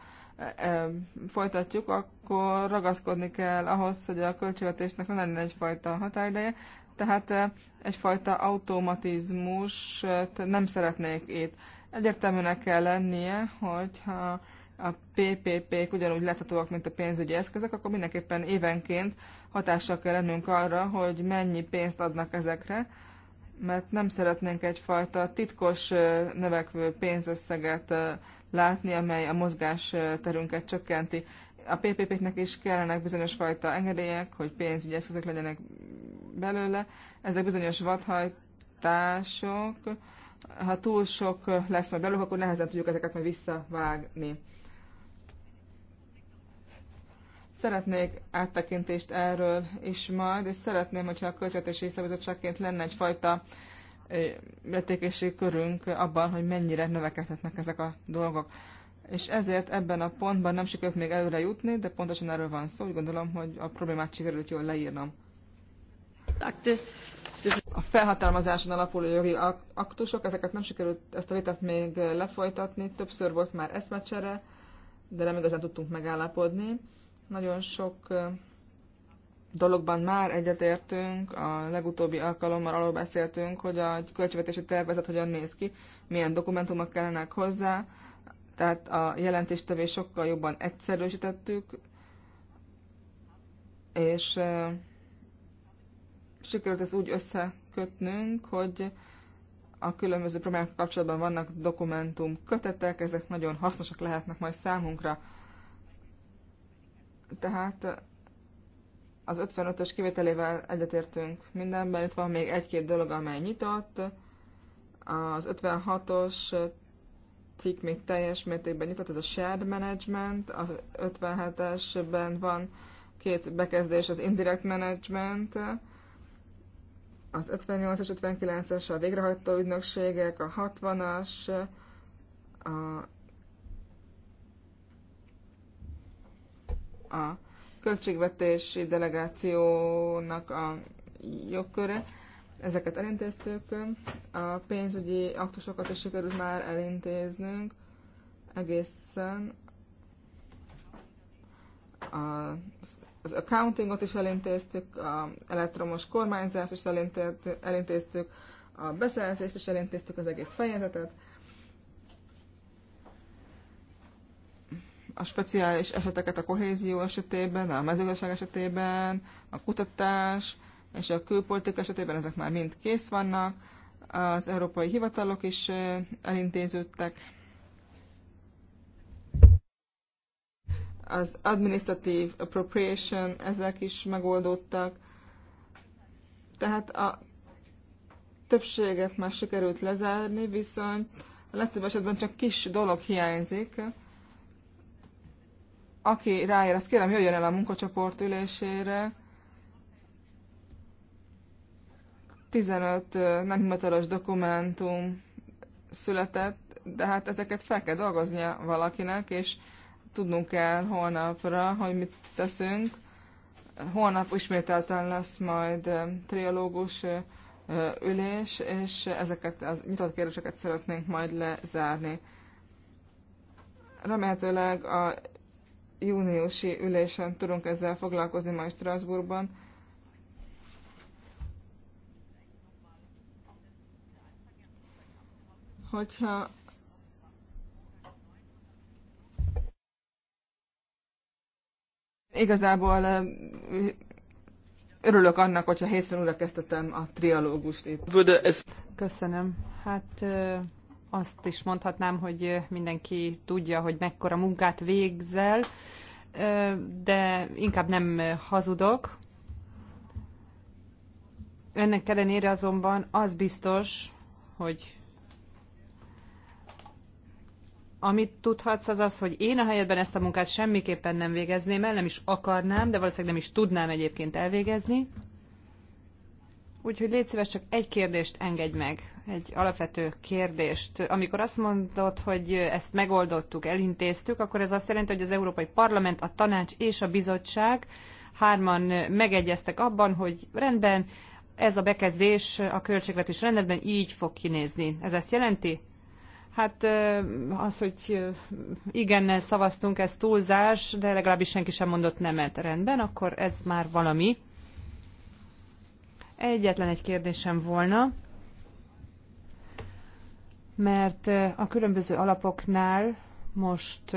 folytatjuk, akkor ragaszkodni kell ahhoz, hogy a költségvetésnek lenne egyfajta határideje, tehát egyfajta automatizmus nem szeretnék itt. Egyértelműnek kell lennie, hogyha a PPP-k ugyanúgy láthatóak, mint a pénzügyi eszközök, akkor mindenképpen évenként hatással kell lennünk arra, hogy mennyi pénzt adnak ezekre, mert nem szeretnénk egyfajta titkos növekvő pénzösszeget látni, amely a mozgás terünket csökkenti. A PPP-knek is kellenek bizonyos fajta engedélyek, hogy pénzügyi eszközök legyenek belőle. Ezek bizonyos vadhajtások, ha túl sok lesz majd belőle, akkor nehezen tudjuk ezeket majd visszavágni. Szeretnék áttekintést erről is majd, és szeretném, hogyha a költetési szabadságként lenne egyfajta illetékesség körünk abban, hogy mennyire növekedhetnek ezek a dolgok. És ezért ebben a pontban nem sikerült még előre jutni, de pontosan erről van szó, úgy gondolom, hogy a problémát sikerült jól leírnom. A felhatalmazáson alapuló jogi aktusok, ezeket nem sikerült ezt a vitát még lefolytatni, többször volt már eszmecsere, de nem igazán tudtunk megállapodni. Nagyon sok dologban már egyetértünk, a legutóbbi alkalommal arról beszéltünk, hogy a költségvetési tervezet hogyan néz ki, milyen dokumentumok kellenek hozzá, tehát a jelentéstevés sokkal jobban egyszerűsítettük, és sikerült ezt úgy összekötnünk, hogy a különböző problémák kapcsolatban vannak dokumentum kötetek, ezek nagyon hasznosak lehetnek majd számunkra. Tehát az 55-ös kivételével egyetértünk mindenben, itt van még egy-két dolog, amely nyitott. Az 56-os cikk még teljes mértékben nyitott, ez a shared management, az 57-esben van két bekezdés, az indirect management, az 58-as, 59-es, a végrehajtó ügynökségek, a 60-as, a, a költségvetési delegációnak a jogköre. Ezeket elintéztük, a pénzügyi aktusokat is sikerült már elintéznünk egészen. A, az accountingot is elintéztük, a elektromos kormányzást is elintéztük, a beszerzést is elintéztük, az egész fejezetet a speciális eseteket a kohézió esetében, a mezőgazdaság esetében, a kutatás és a külpolitik esetében, ezek már mind kész vannak, az európai hivatalok is elintéződtek. Az administrative appropriation, ezek is megoldódtak. Tehát a többséget már sikerült lezárni, viszont a legtöbb esetben csak kis dolog hiányzik, aki ráér, azt kérem, jöjjön el a munkacsoport ülésére. 15 nem hivatalos dokumentum született, de hát ezeket fel kell dolgoznia valakinek, és tudnunk kell holnapra, hogy mit teszünk. Holnap ismételten lesz majd triológus ülés, és ezeket az nyitott kérdéseket szeretnénk majd lezárni. Remélhetőleg a júniusi ülésen tudunk ezzel foglalkozni majd Strasbourgban. Hogyha igazából örülök annak, hogyha hétfőn újra kezdtem a trialógust itt. Köszönöm. Hát azt is mondhatnám, hogy mindenki tudja, hogy mekkora munkát végzel, de inkább nem hazudok. Ennek ellenére azonban az biztos, hogy amit tudhatsz, az az, hogy én a helyedben ezt a munkát semmiképpen nem végezném el, nem is akarnám, de valószínűleg nem is tudnám egyébként elvégezni. Úgyhogy légy szíves, csak egy kérdést engedj meg, egy alapvető kérdést. Amikor azt mondod, hogy ezt megoldottuk, elintéztük, akkor ez azt jelenti, hogy az Európai Parlament, a Tanács és a Bizottság hárman megegyeztek abban, hogy rendben, ez a bekezdés a költségvetés rendben így fog kinézni. Ez ezt jelenti? Hát az, hogy igen szavaztunk, ez túlzás, de legalábbis senki sem mondott nemet rendben, akkor ez már valami. Egyetlen egy kérdésem volna, mert a különböző alapoknál most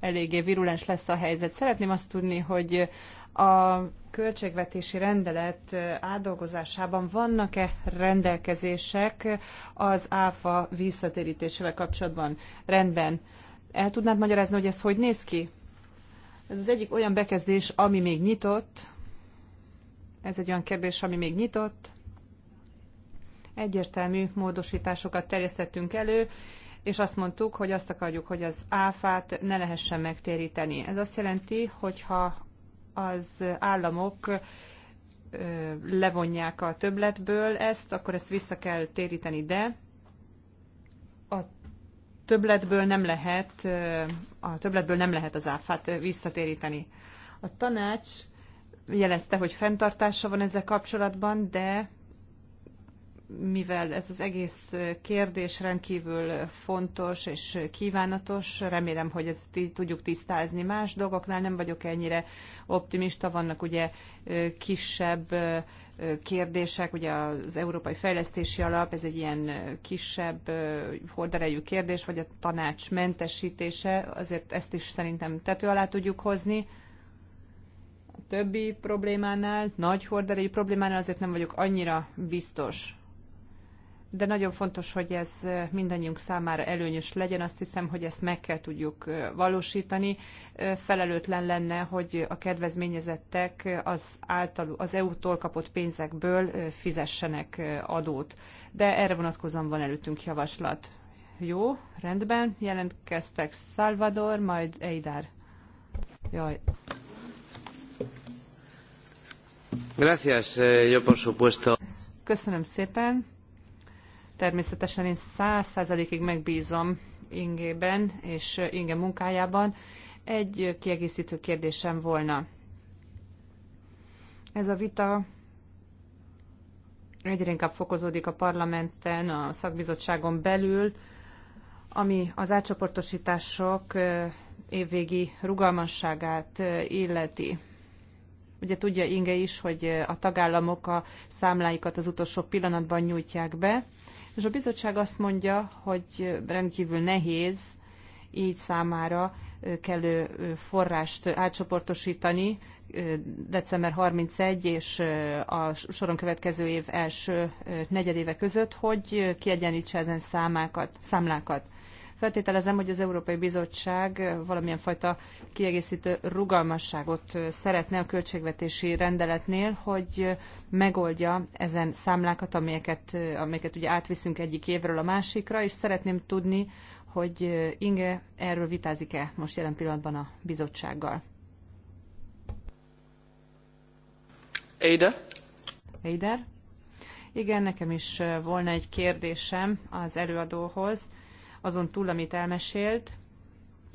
eléggé virulens lesz a helyzet. Szeretném azt tudni, hogy a költségvetési rendelet átdolgozásában vannak-e rendelkezések az áfa visszatérítésével kapcsolatban? Rendben. El tudnád magyarázni, hogy ez hogy néz ki? Ez az egyik olyan bekezdés, ami még nyitott, ez egy olyan kérdés, ami még nyitott. Egyértelmű módosításokat terjesztettünk elő, és azt mondtuk, hogy azt akarjuk, hogy az áfát ne lehessen megtéríteni. Ez azt jelenti, hogyha az államok levonják a többletből ezt, akkor ezt vissza kell téríteni, de a többletből nem lehet, a többletből nem lehet az áfát visszatéríteni. A tanács jelezte, hogy fenntartása van ezzel kapcsolatban, de mivel ez az egész kérdés rendkívül fontos és kívánatos, remélem, hogy ezt tudjuk tisztázni. Más dolgoknál nem vagyok ennyire optimista, vannak ugye kisebb kérdések, ugye az Európai Fejlesztési Alap, ez egy ilyen kisebb horderejű kérdés, vagy a tanács mentesítése, azért ezt is szerintem tető alá tudjuk hozni a többi problémánál, nagy horderejű problémánál azért nem vagyok annyira biztos. De nagyon fontos, hogy ez mindannyiunk számára előnyös legyen. Azt hiszem, hogy ezt meg kell tudjuk valósítani. Felelőtlen lenne, hogy a kedvezményezettek az, által, az EU-tól kapott pénzekből fizessenek adót. De erre vonatkozóan van előttünk javaslat. Jó, rendben. Jelentkeztek Salvador, majd Eidar. Jaj. Eh, Köszönöm szépen. Természetesen én száz százalékig megbízom Ingében és Inge munkájában. Egy kiegészítő kérdésem volna. Ez a vita egyre inkább fokozódik a parlamenten, a szakbizottságon belül, ami az átcsoportosítások eh, évvégi rugalmasságát eh, illeti. Ugye tudja Inge is, hogy a tagállamok a számláikat az utolsó pillanatban nyújtják be, és a bizottság azt mondja, hogy rendkívül nehéz így számára kellő forrást átcsoportosítani december 31 és a soron következő év első negyedéve között, hogy kiegyenlítse ezen számákat, számlákat. Feltételezem, hogy az Európai Bizottság valamilyen fajta kiegészítő rugalmasságot szeretne a költségvetési rendeletnél, hogy megoldja ezen számlákat, amelyeket, amelyeket ugye átviszünk egyik évről a másikra, és szeretném tudni, hogy Inge erről vitázik-e most jelen pillanatban a bizottsággal. Eider? Eider? Igen, nekem is volna egy kérdésem az előadóhoz azon túl, amit elmesélt,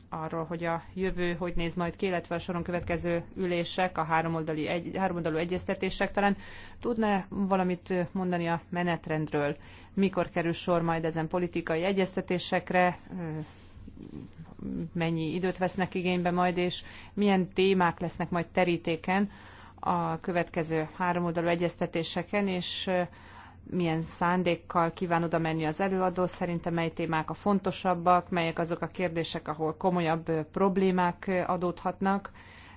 arról, hogy a jövő hogy néz majd ki, illetve a soron következő ülések, a háromoldali egy, háromoldalú egyeztetések, talán tudná valamit mondani a menetrendről, mikor kerül sor majd ezen politikai egyeztetésekre, mennyi időt vesznek igénybe majd, és milyen témák lesznek majd terítéken a következő háromoldalú egyeztetéseken, és milyen szándékkal kíván oda menni az előadó, szerintem mely témák a fontosabbak, melyek azok a kérdések, ahol komolyabb problémák adódhatnak.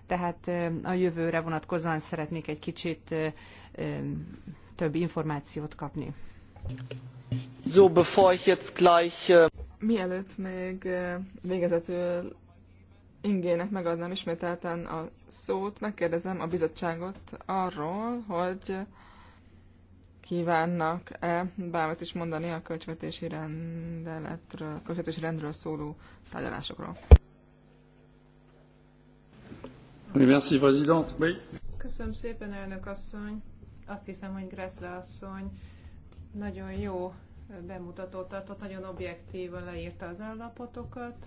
Tehát a jövőre vonatkozóan szeretnék egy kicsit több információt kapni. So, bevor ich jetzt gleich... Mielőtt még végezetül ingének megadnám ismételten a szót, megkérdezem a bizottságot arról, hogy kívánnak-e bármit is mondani a költségvetési rendeletről, költségvetési rendről szóló tárgyalásokról. Köszönöm szépen, elnök asszony. Azt hiszem, hogy Gressle asszony nagyon jó bemutatót tartott, nagyon objektívan leírta az állapotokat.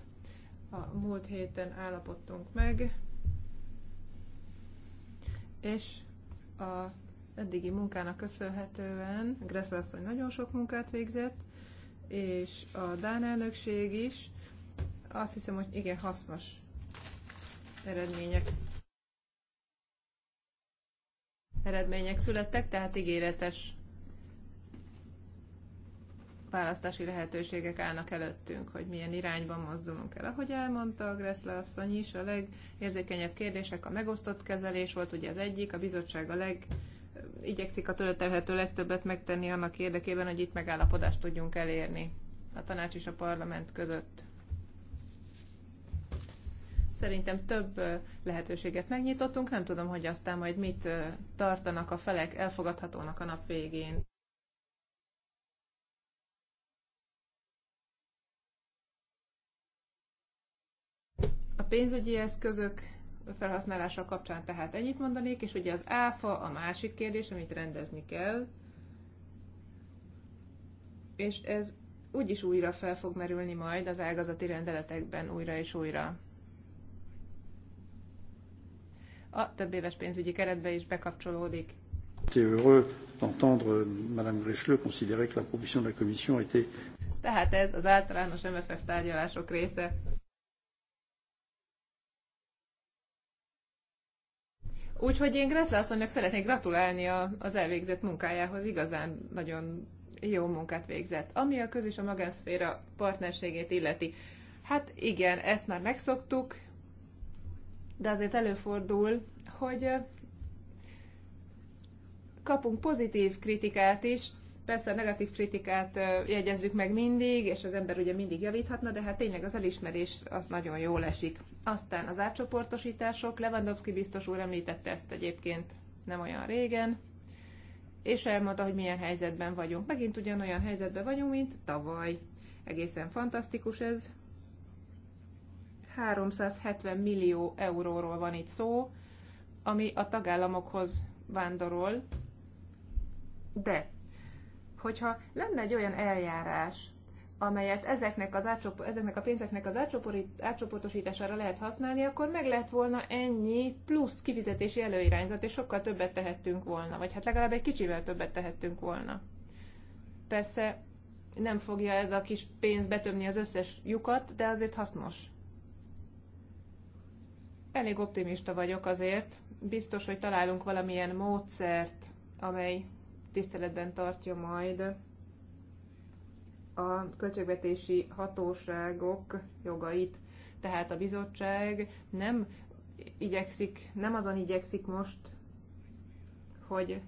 A múlt héten állapodtunk meg, és a eddigi munkának köszönhetően Gressler asszony nagyon sok munkát végzett, és a Dán elnökség is azt hiszem, hogy igen hasznos eredmények eredmények születtek, tehát ígéretes választási lehetőségek állnak előttünk, hogy milyen irányban mozdulunk el. Ahogy elmondta a Gressle asszony is, a legérzékenyebb kérdések a megosztott kezelés volt, ugye az egyik, a bizottság a leg igyekszik a tőle legtöbbet megtenni annak érdekében, hogy itt megállapodást tudjunk elérni a tanács és a parlament között. Szerintem több lehetőséget megnyitottunk, nem tudom, hogy aztán majd mit tartanak a felek elfogadhatónak a nap végén. A pénzügyi eszközök felhasználása kapcsán tehát ennyit mondanék, és ugye az áfa a másik kérdés, amit rendezni kell, és ez úgyis újra fel fog merülni majd az ágazati rendeletekben újra és újra. A több éves pénzügyi keretbe is bekapcsolódik. Tehát ez az általános MFF tárgyalások része. Úgyhogy én Gressle asszonynak szeretnék gratulálni a, az elvégzett munkájához, igazán nagyon jó munkát végzett. Ami a közös a magánszféra partnerségét illeti, hát igen, ezt már megszoktuk, de azért előfordul, hogy kapunk pozitív kritikát is, Persze a negatív kritikát jegyezzük meg mindig, és az ember ugye mindig javíthatna, de hát tényleg az elismerés az nagyon jól esik. Aztán az átcsoportosítások, Lewandowski biztos úr említette ezt egyébként nem olyan régen, és elmondta, hogy milyen helyzetben vagyunk. Megint ugyanolyan helyzetben vagyunk, mint tavaly. Egészen fantasztikus ez. 370 millió euróról van itt szó, ami a tagállamokhoz vándorol, de hogyha lenne egy olyan eljárás, amelyet ezeknek, az átcsop- ezeknek a pénzeknek az átcsoportosítására lehet használni, akkor meg lehet volna ennyi plusz kifizetési előirányzat, és sokkal többet tehettünk volna, vagy hát legalább egy kicsivel többet tehettünk volna. Persze nem fogja ez a kis pénz betömni az összes lyukat, de azért hasznos. Elég optimista vagyok azért. Biztos, hogy találunk valamilyen módszert, amely tiszteletben tartja majd a költségvetési hatóságok jogait. Tehát a bizottság nem igyekszik, nem azon igyekszik most, hogy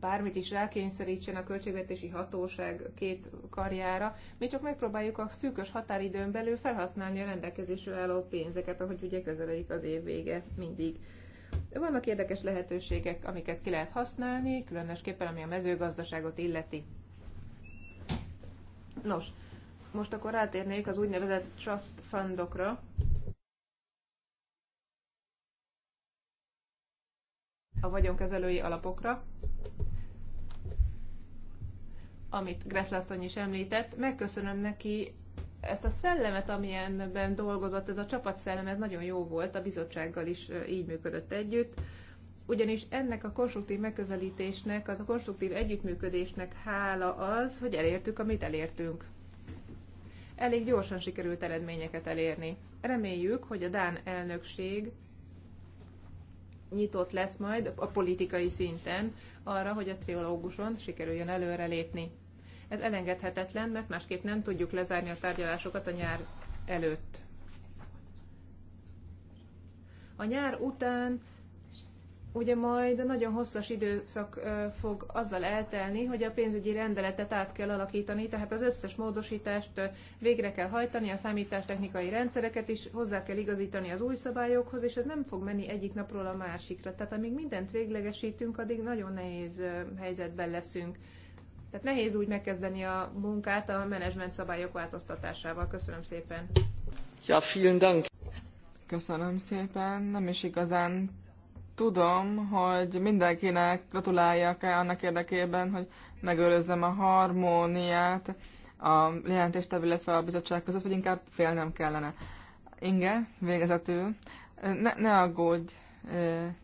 bármit is rákényszerítsen a költségvetési hatóság két karjára, mi csak megpróbáljuk a szűkös határidőn belül felhasználni a rendelkezésre álló pénzeket, ahogy ugye közeledik az év vége mindig. Vannak érdekes lehetőségek, amiket ki lehet használni, különösképpen ami a mezőgazdaságot illeti. Nos, most akkor rátérnék az úgynevezett trust fundokra. A vagyonkezelői alapokra, amit Gresslászony is említett. Megköszönöm neki ezt a szellemet, amilyenben dolgozott, ez a csapat szellem, ez nagyon jó volt, a bizottsággal is így működött együtt, ugyanis ennek a konstruktív megközelítésnek, az a konstruktív együttműködésnek hála az, hogy elértük, amit elértünk. Elég gyorsan sikerült eredményeket elérni. Reméljük, hogy a Dán elnökség nyitott lesz majd a politikai szinten arra, hogy a triológuson sikerüljön előrelépni. Ez elengedhetetlen, mert másképp nem tudjuk lezárni a tárgyalásokat a nyár előtt. A nyár után ugye majd nagyon hosszas időszak fog azzal eltelni, hogy a pénzügyi rendeletet át kell alakítani, tehát az összes módosítást végre kell hajtani, a számítástechnikai rendszereket is hozzá kell igazítani az új szabályokhoz, és ez nem fog menni egyik napról a másikra. Tehát amíg mindent véglegesítünk, addig nagyon nehéz helyzetben leszünk. Tehát nehéz úgy megkezdeni a munkát a menedzsment szabályok változtatásával. Köszönöm szépen. Ja, vielen Dank. Köszönöm szépen. Nem is igazán tudom, hogy mindenkinek gratuláljak-e annak érdekében, hogy megőrözzem a harmóniát a jelentéstevő, illetve a bizottság között, vagy inkább félnem kellene. Inge, végezetül, ne, ne aggódj, eh,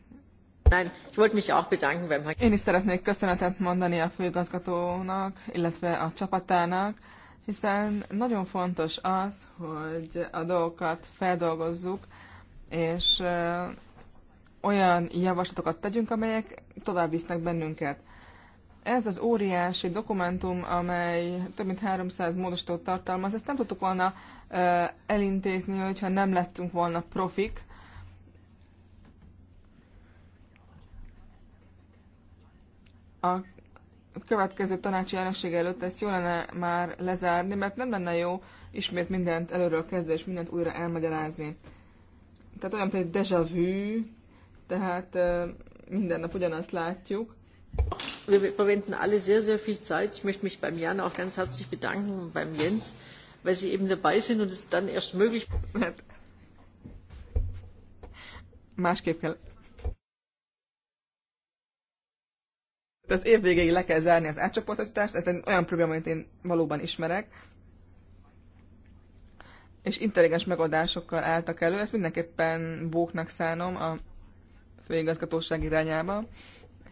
én is szeretnék köszönetet mondani a főigazgatónak, illetve a csapatának, hiszen nagyon fontos az, hogy a dolgokat feldolgozzuk, és olyan javaslatokat tegyünk, amelyek tovább visznek bennünket. Ez az óriási dokumentum, amely több mint 300 módosítót tartalmaz, ezt nem tudtuk volna elintézni, hogyha nem lettünk volna profik, a következő tanácsi elnökség előtt ezt jó lenne már lezárni, mert nem lenne jó ismét mindent előről kezdeni és mindent újra elmagyarázni. Tehát olyan, mint egy déjà vu, tehát minden nap ugyanazt látjuk. Wir verwenden alle sehr, sehr viel Zeit. Ich möchte mich beim Jan auch ganz herzlich bedanken und beim Jens, weil sie eben dabei sind und es dann erst möglich... Másképp kell az év végéig le kell zárni az átcsoportosítást, ez egy olyan probléma, amit én valóban ismerek, és intelligens megoldásokkal álltak elő, ezt mindenképpen bóknak szánom a főigazgatóság irányába,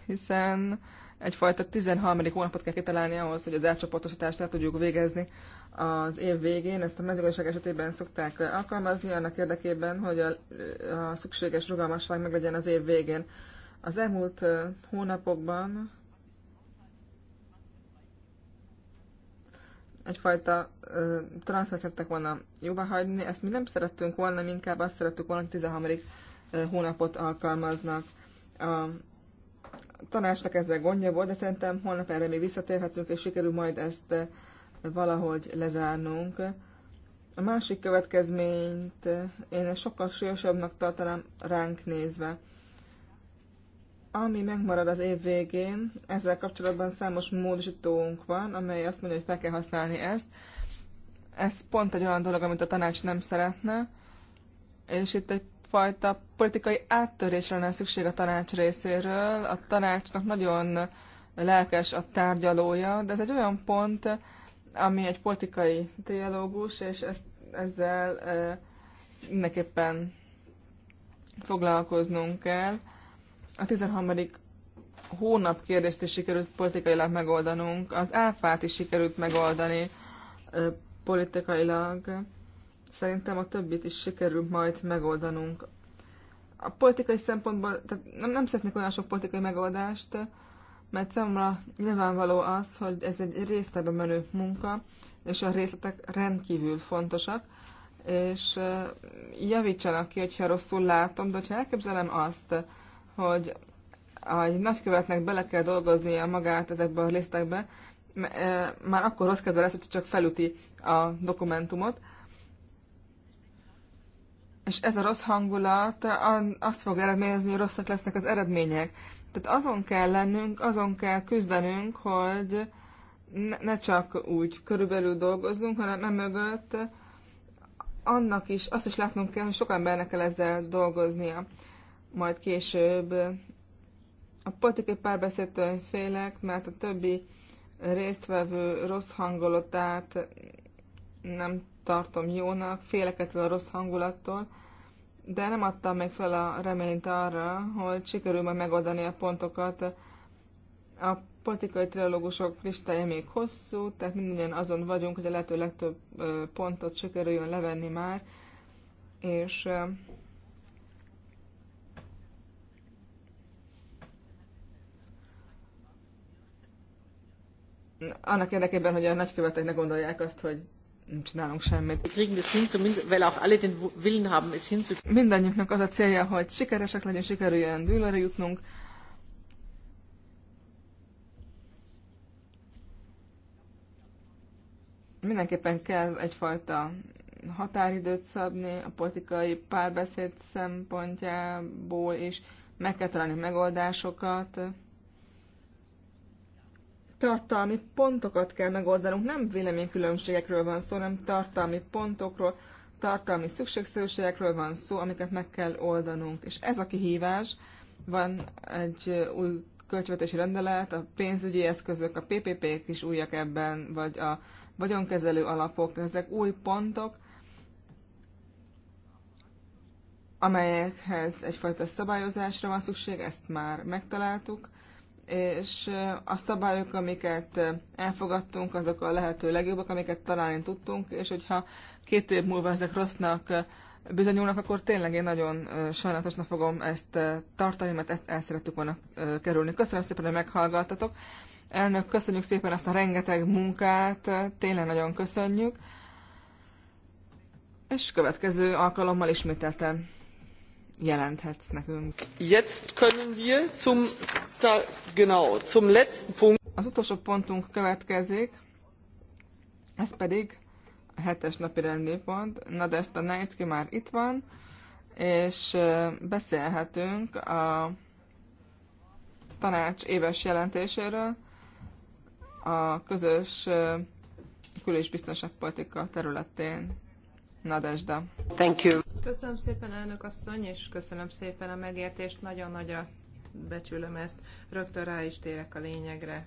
hiszen egyfajta 13. hónapot kell kitalálni ahhoz, hogy az átcsoportosítást el tudjuk végezni az év végén. Ezt a mezőgazdaság esetében szokták alkalmazni annak érdekében, hogy a, a szükséges rugalmasság meglegyen az év végén. Az elmúlt hónapokban egyfajta transzfer szerettek volna jóvá hagyni, ezt mi nem szerettünk volna, mi inkább azt szerettük volna, hogy 13. hónapot alkalmaznak. A tanácsnak ezzel gondja volt, de szerintem holnap erre még visszatérhetünk, és sikerül majd ezt valahogy lezárnunk. A másik következményt én sokkal súlyosabbnak tartanám ránk nézve. Ami megmarad az év végén, ezzel kapcsolatban számos módosítónk van, amely azt mondja, hogy fel kell használni ezt. Ez pont egy olyan dolog, amit a tanács nem szeretne, és itt egy fajta politikai áttörésre lenne szükség a tanács részéről. A tanácsnak nagyon lelkes a tárgyalója, de ez egy olyan pont, ami egy politikai dialógus, és ezt, ezzel e, mindenképpen foglalkoznunk kell a 13. hónap kérdést is sikerült politikailag megoldanunk, az áfát is sikerült megoldani politikailag. Szerintem a többit is sikerült majd megoldanunk. A politikai szempontból, tehát nem, nem szeretnék olyan sok politikai megoldást, mert számomra nyilvánvaló az, hogy ez egy részletbe menő munka, és a részletek rendkívül fontosak, és javítsanak ki, hogyha rosszul látom, de hogyha elképzelem azt, hogy a nagykövetnek bele kell dolgoznia magát ezekbe a listekbe, e, már akkor rossz kedve lesz, hogy csak felüti a dokumentumot. És ez a rossz hangulat azt fog eredményezni, hogy rosszak lesznek az eredmények. Tehát azon kell lennünk, azon kell küzdenünk, hogy ne csak úgy körülbelül dolgozzunk, hanem emögött annak is, azt is látnunk kell, hogy sok embernek kell ezzel dolgoznia majd később. A politikai párbeszédtől félek, mert a többi résztvevő rossz hangulatát nem tartom jónak, félek ettől a rossz hangulattól, de nem adtam még fel a reményt arra, hogy sikerül majd megoldani a pontokat. A politikai trilógusok listája még hosszú, tehát mindannyian azon vagyunk, hogy a lehető legtöbb pontot sikerüljön levenni már, és annak érdekében, hogy a nagykövetek ne gondolják azt, hogy nem csinálunk semmit. Mindannyiunknak az a célja, hogy sikeresek legyen, sikerüljön dűlőre jutnunk. Mindenképpen kell egyfajta határidőt szabni a politikai párbeszéd szempontjából, és meg kell találni megoldásokat tartalmi pontokat kell megoldanunk. Nem véleménykülönbségekről van szó, nem tartalmi pontokról, tartalmi szükségszerűségekről van szó, amiket meg kell oldanunk. És ez a kihívás, van egy uh, új költségvetési rendelet, a pénzügyi eszközök, a PPP-k is újak ebben, vagy a vagyonkezelő alapok, ezek új pontok, amelyekhez egyfajta szabályozásra van szükség, ezt már megtaláltuk és a szabályok, amiket elfogadtunk, azok a lehető legjobbak, amiket találni tudtunk, és hogyha két év múlva ezek rossznak bizonyulnak, akkor tényleg én nagyon sajnálatosnak fogom ezt tartani, mert ezt el szerettük volna kerülni. Köszönöm szépen, hogy meghallgattatok. Elnök, köszönjük szépen ezt a rengeteg munkát, tényleg nagyon köszönjük. És következő alkalommal ismételten jelenthetsz nekünk. Jetzt können wir zum, da, genau, zum letzten Punkt. Az utolsó pontunk következik, ez pedig a hetes napi rendi pont. Na de ezt a Nejcki már itt van, és beszélhetünk a tanács éves jelentéséről, a közös kül- és biztonságpolitika területén. Nadesda. Thank you. Köszönöm szépen, elnök asszony, és köszönöm szépen a megértést. Nagyon nagyra becsülöm ezt. Rögtön rá is térek a lényegre.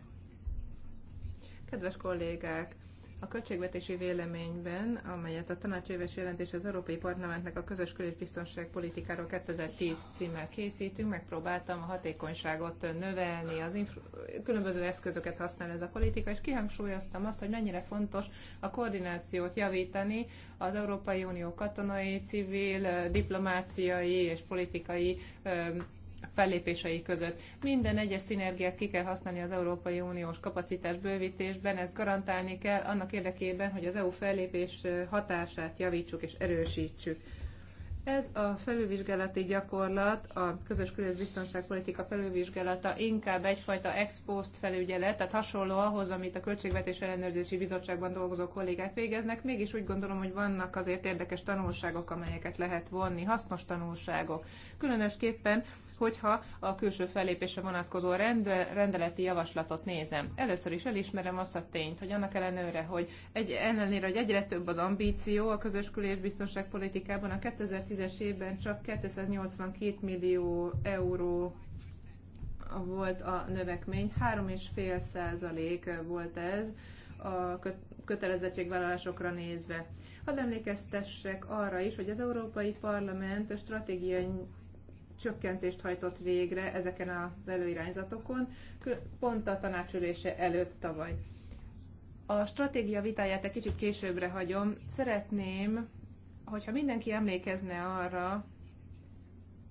Kedves kollégák, a költségvetési véleményben, amelyet a tanácsöves jelentés az Európai Parlamentnek a közös kül- és 2010 címmel készítünk, megpróbáltam a hatékonyságot növelni, az inf- különböző eszközöket használ ez a politika, és kihangsúlyoztam azt, hogy mennyire fontos a koordinációt javítani az Európai Unió katonai, civil, diplomáciai és politikai fellépései között. Minden egyes szinergiát ki kell használni az Európai Uniós kapacitás bővítésben, ezt garantálni kell annak érdekében, hogy az EU fellépés hatását javítsuk és erősítsük. Ez a felülvizsgálati gyakorlat, a közös külös biztonságpolitika felülvizsgálata inkább egyfajta ex post felügyelet, tehát hasonló ahhoz, amit a Költségvetés Ellenőrzési Bizottságban dolgozó kollégák végeznek. Mégis úgy gondolom, hogy vannak azért érdekes tanulságok, amelyeket lehet vonni, hasznos tanulságok. Különösképpen hogyha a külső fellépése vonatkozó rendeleti javaslatot nézem. Először is elismerem azt a tényt, hogy annak ellenőre, hogy egy, ellenére, hogy egyre több az ambíció a közös kül- és biztonságpolitikában, a 2010-es évben csak 282 millió euró volt a növekmény, 3,5 százalék volt ez a kötelezettségvállalásokra nézve. Hadd emlékeztessek arra is, hogy az Európai Parlament stratégiai csökkentést hajtott végre ezeken az előirányzatokon, pont a tanácsülése előtt tavaly. A stratégia vitáját egy kicsit későbbre hagyom. Szeretném, hogyha mindenki emlékezne arra,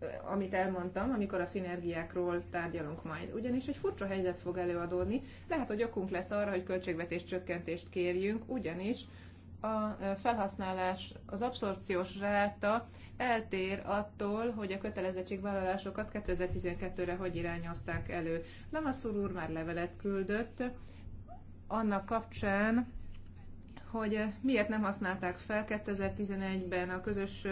eh, amit elmondtam, amikor a szinergiákról tárgyalunk majd. Ugyanis egy furcsa helyzet fog előadódni. Lehet, hogy okunk lesz arra, hogy költségvetés csökkentést kérjünk, ugyanis a felhasználás, az abszorpciós ráta eltér attól, hogy a kötelezettségvállalásokat 2012-re hogy irányozták elő. Lamassur úr már levelet küldött annak kapcsán, hogy miért nem használták fel 2011-ben a közös,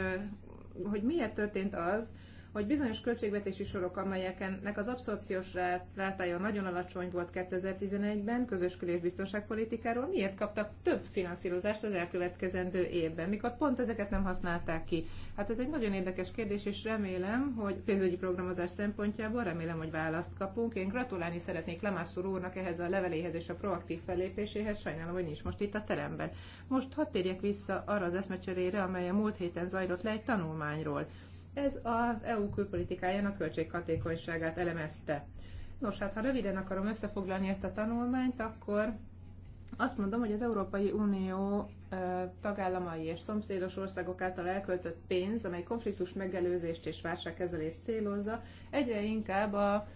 hogy miért történt az, hogy bizonyos költségvetési sorok, amelyeknek az abszorpciós rátája nagyon alacsony volt 2011-ben, közös kül- biztonságpolitikáról, miért kaptak több finanszírozást az elkövetkezendő évben, mikor pont ezeket nem használták ki? Hát ez egy nagyon érdekes kérdés, és remélem, hogy pénzügyi programozás szempontjából remélem, hogy választ kapunk. Én gratulálni szeretnék Lamászur úrnak ehhez a leveléhez és a proaktív fellépéséhez, sajnálom, hogy nincs most itt a teremben. Most hadd térjek vissza arra az eszmecserére, amely a múlt héten zajlott le egy tanulmányról. Ez az EU külpolitikájának költséghatékonyságát elemezte. Nos, hát ha röviden akarom összefoglalni ezt a tanulmányt, akkor azt mondom, hogy az Európai Unió tagállamai és szomszédos országok által elköltött pénz, amely konfliktus megelőzést és válságkezelést célozza, egyre inkább a,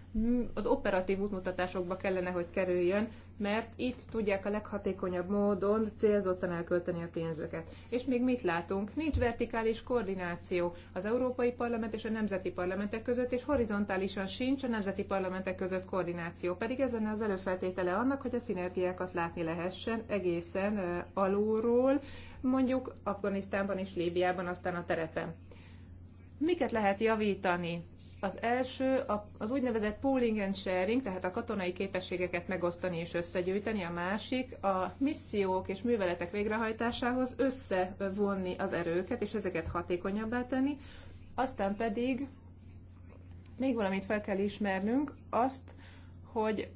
az operatív útmutatásokba kellene, hogy kerüljön, mert itt tudják a leghatékonyabb módon célzottan elkölteni a pénzöket. És még mit látunk? Nincs vertikális koordináció az Európai Parlament és a nemzeti parlamentek között, és horizontálisan sincs a nemzeti parlamentek között koordináció. Pedig ez lenne az előfeltétele annak, hogy a szinergiákat látni lehessen egészen alulról, mondjuk Afganisztánban és Líbiában, aztán a terepen. Miket lehet javítani az első az úgynevezett pooling and sharing, tehát a katonai képességeket megosztani és összegyűjteni, a másik a missziók és műveletek végrehajtásához összevonni az erőket, és ezeket hatékonyabbá tenni. Aztán pedig még valamit fel kell ismernünk, azt, hogy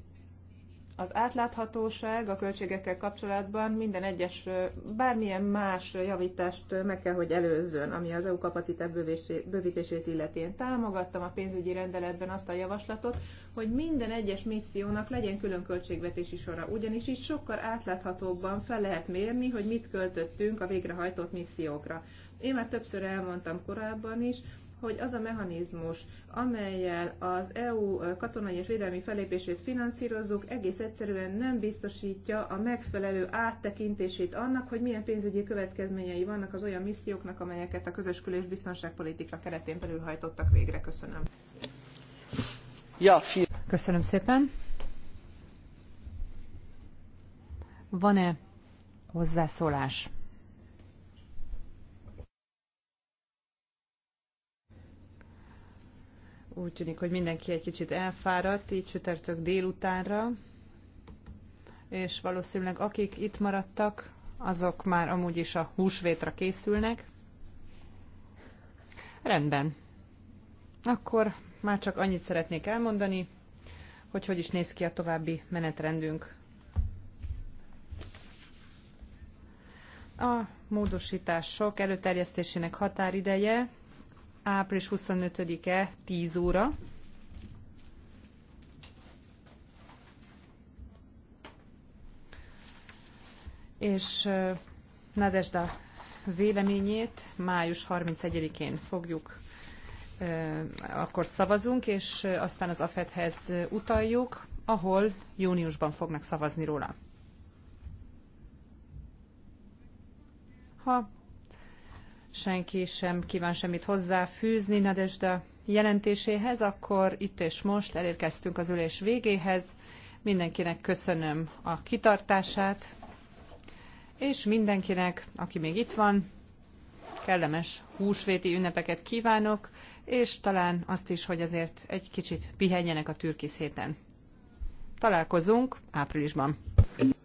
az átláthatóság a költségekkel kapcsolatban minden egyes, bármilyen más javítást meg kell, hogy előzzön, ami az EU kapacitás bővítését illeti. Én támogattam a pénzügyi rendeletben azt a javaslatot, hogy minden egyes missziónak legyen külön költségvetési sora, ugyanis is sokkal átláthatóbban fel lehet mérni, hogy mit költöttünk a végrehajtott missziókra. Én már többször elmondtam korábban is, hogy az a mechanizmus, amelyel az EU katonai és védelmi felépését finanszírozzuk, egész egyszerűen nem biztosítja a megfelelő áttekintését annak, hogy milyen pénzügyi következményei vannak az olyan misszióknak, amelyeket a közös kül- és biztonságpolitika keretén belül hajtottak végre. Köszönöm. Ja, Köszönöm szépen. Van-e hozzászólás? Úgy tűnik, hogy mindenki egy kicsit elfáradt, így csütörtök délutánra, és valószínűleg akik itt maradtak, azok már amúgy is a húsvétra készülnek. Rendben. Akkor már csak annyit szeretnék elmondani, hogy hogy is néz ki a további menetrendünk. A módosítások előterjesztésének határideje április 25-e 10 óra. És Nadesda véleményét május 31-én fogjuk akkor szavazunk, és aztán az AFED-hez utaljuk, ahol júniusban fognak szavazni róla. Ha senki sem kíván semmit hozzáfűzni Nadezsda jelentéséhez, akkor itt és most elérkeztünk az ülés végéhez. Mindenkinek köszönöm a kitartását, és mindenkinek, aki még itt van, kellemes húsvéti ünnepeket kívánok, és talán azt is, hogy azért egy kicsit pihenjenek a türkisz héten. Találkozunk áprilisban.